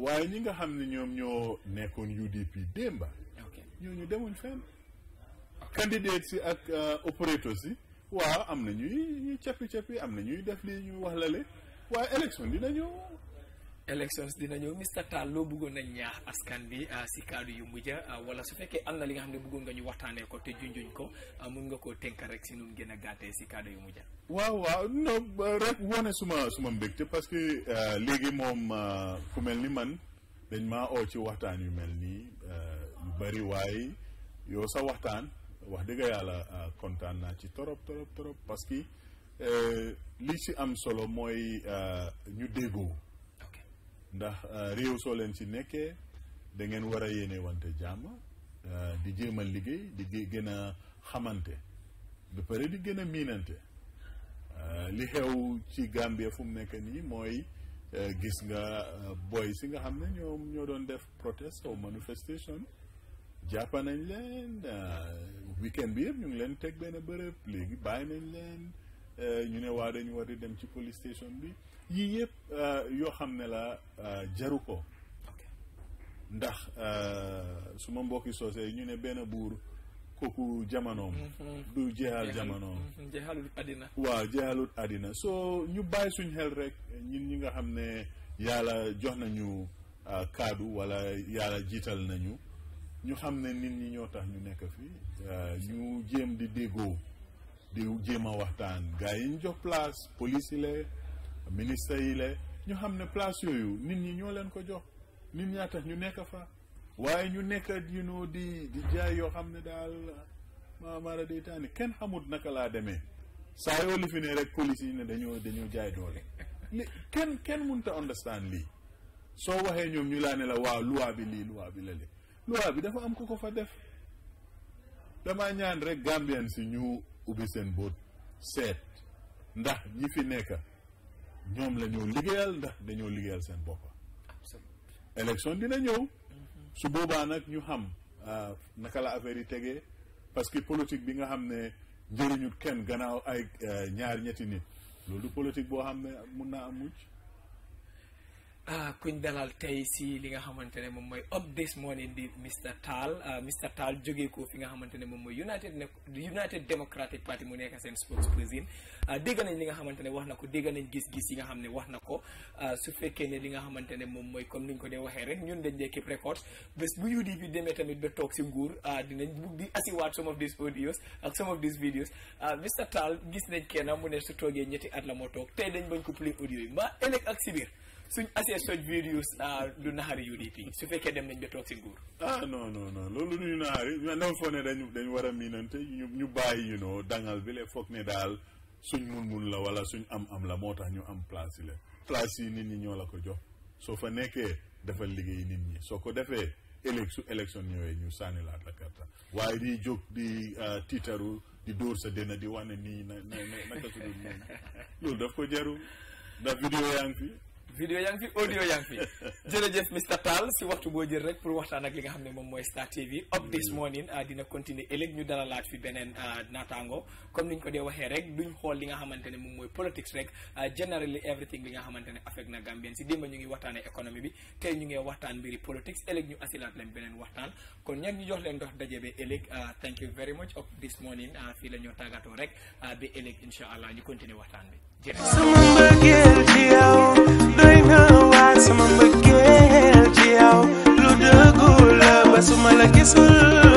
waaye ñi nga xam ne ñoom ñoo nekkoon UDP démba ñu demuñ fenn candidate si ak euh, opérateur si waaw am na ñuy ñuy cappi am na ñuy def lii ñu wax lale waaye élection dina ñëw elections dina ñëw Mr Tall loo bëggoon a ñaax askan bi ah, si kaddu yu mujj ah, wala su fekkee am na li nga xam ne bëggoon nga ñu waxtaanee ko te junjuñ ko ah, mun nga koo tënk rek si nu mu gën a gàttee si kaddu yu mujj. waaw waaw no rek wane suma suma mbégte parce que léegi moom fu mel ni man dañ maa oo ci waxtaan yu mel nii yu bëri waaye yow sa waxtaan wax dëgg yàlla kontaan naa ci torop torop torop parce que eh, li si am solo mooy ñu déggoo. ndax euh, réew soo leen ci nekkee da ngeen war a yéene wante jàmm euh, di jéem a liggéey di gën a xamante ba pare di gën a miinante euh, li xew ci Gambie fu mu nekk nii mooy gis nga boy si nga xam ne ñoo doon def protest ou manifestation jàpp nañ leen weekend bi yëpp ñu ngi leen teg benn bërëb léegi bàyyi nañ leen ñu ne waa dañu war di dem ci police station bi yii yëpp euh, yoo xam ne la euh, jaru ko ndax euh, su ma mbokki soosee ñu ne benn buur kooku jamonoom mm-hmm. du jeexal jamonoom mm-hmm. jeexalut àddina waaw àddina soo ñu bàyyi suñ xel rek ñun ñi nga xam ne yàlla jox nañu kaddu wala yàlla jiital nañu ñu xam ne nit ñi ñoo tax ñu nekk fii ñu jéem di déggoo di jéem a waxtaan gars yi ñu jox place police yi ministre yi la ñu xam ne place yooyu nit ñi ñoo leen ko jox nit ñaa tax ñu nekk fa waaye ñu nekk you know di di jaay yoo xam ne daal maamara day taani kenn xamut naka laa demee saa yoo li fi ne rek police yi ne dañoo dañoo jaay doole li kenn kenn ta understand lii soo waxee ñoom ñu laa ne la waaw luwaa bi lii loi bi la li loi bi dafa am ko ko fa def damaa ñaan rek Gambien si ñu ubbi seen boot seet ndax ñi fi nekk ñoom la ñoo liggéeyal ndax dañoo liggéeyal seen boppa élection dina ñëw. su boobaa nag ñu xam euh, naka la affaire yi tegee parce que politique bi nga xam ne njëriñu kenn gannaaw ay euh, ñaar ñetti nit loolu politique boo xam ne mun naa am mujj. ah kuñ dalal tey si li nga xamante ne moom mooy up this morning di Mr Tall ah, Mr Tall jógee ko fi nga xamante ne moom mooy United United Democratic Party mu nekk seen spokesperson ah, dégg nañ li nga xamante ne wax na ko dégg nañ gis-gis yi nga xam ne wax na ko ah, su fekkee ne li nga xamante ne moom mooy comme ni ñu ko dee waxee rek ñun dañ dee keep records bés bu UDP demee tamit ba toog si nguur dinañ bugg di asiwaat some of these audios ak some of these videos Mr gis nañ kenn mu ne su toogee ñetti at la moo toog dañ bañ ko play audio yi mbaa ëllëg ak si suñ asee soj virus du ah, naxari UDP su fekkee dem nañ ba toog si nguur. ah non non non loolu ñu naxari man dama foog ne dañu dañu war a miinante ñu bàyyi you know dangal bi la foog ne daal suñ mun-mun la wala suñ am-am la moo tax ñu am place yi la place yi nit ñi ñoo la ko jox soo fa nekkee dafa liggéey nit ñi soo ko defee élec su élection ñëwee ñu sànni laat la karta waaye di jóg di ah, tiitaru di dóor sa dënn di wane nii na na naka su dul noonu loolu daf ko jaru ndax vidéo vidéo yaa ngi fi audio yaa ngi fi jërëjëf Mr Tall si waxtu boo jël rek pour waxtaan ak li nga xam ne moom mooy Star TV up this mm. morning ah, dina continuer ëllëg ñu dala laaj fi beneen ah, naataango comme ni ñu ko dee waxee rek duñ xool li nga xamante ne moom mooy politics rek ah, generally everything li nga xamante ne affect na Gambien si démb ñu ngi waxtaanee économie bi tey ñu ngi waxtaan mbiri politics ëllëg ñu asilaat leen beneen waxtaan kon ñan ñu jox leen ndox daje ba ëllëg thank you very much up this morning fii la ñoo tàggatoo rek ba ëllëg incha allah ñu continuer waxtaan bi jërëjëf sama mbëggeel ci yow lu dëggu la ba su ma la gisul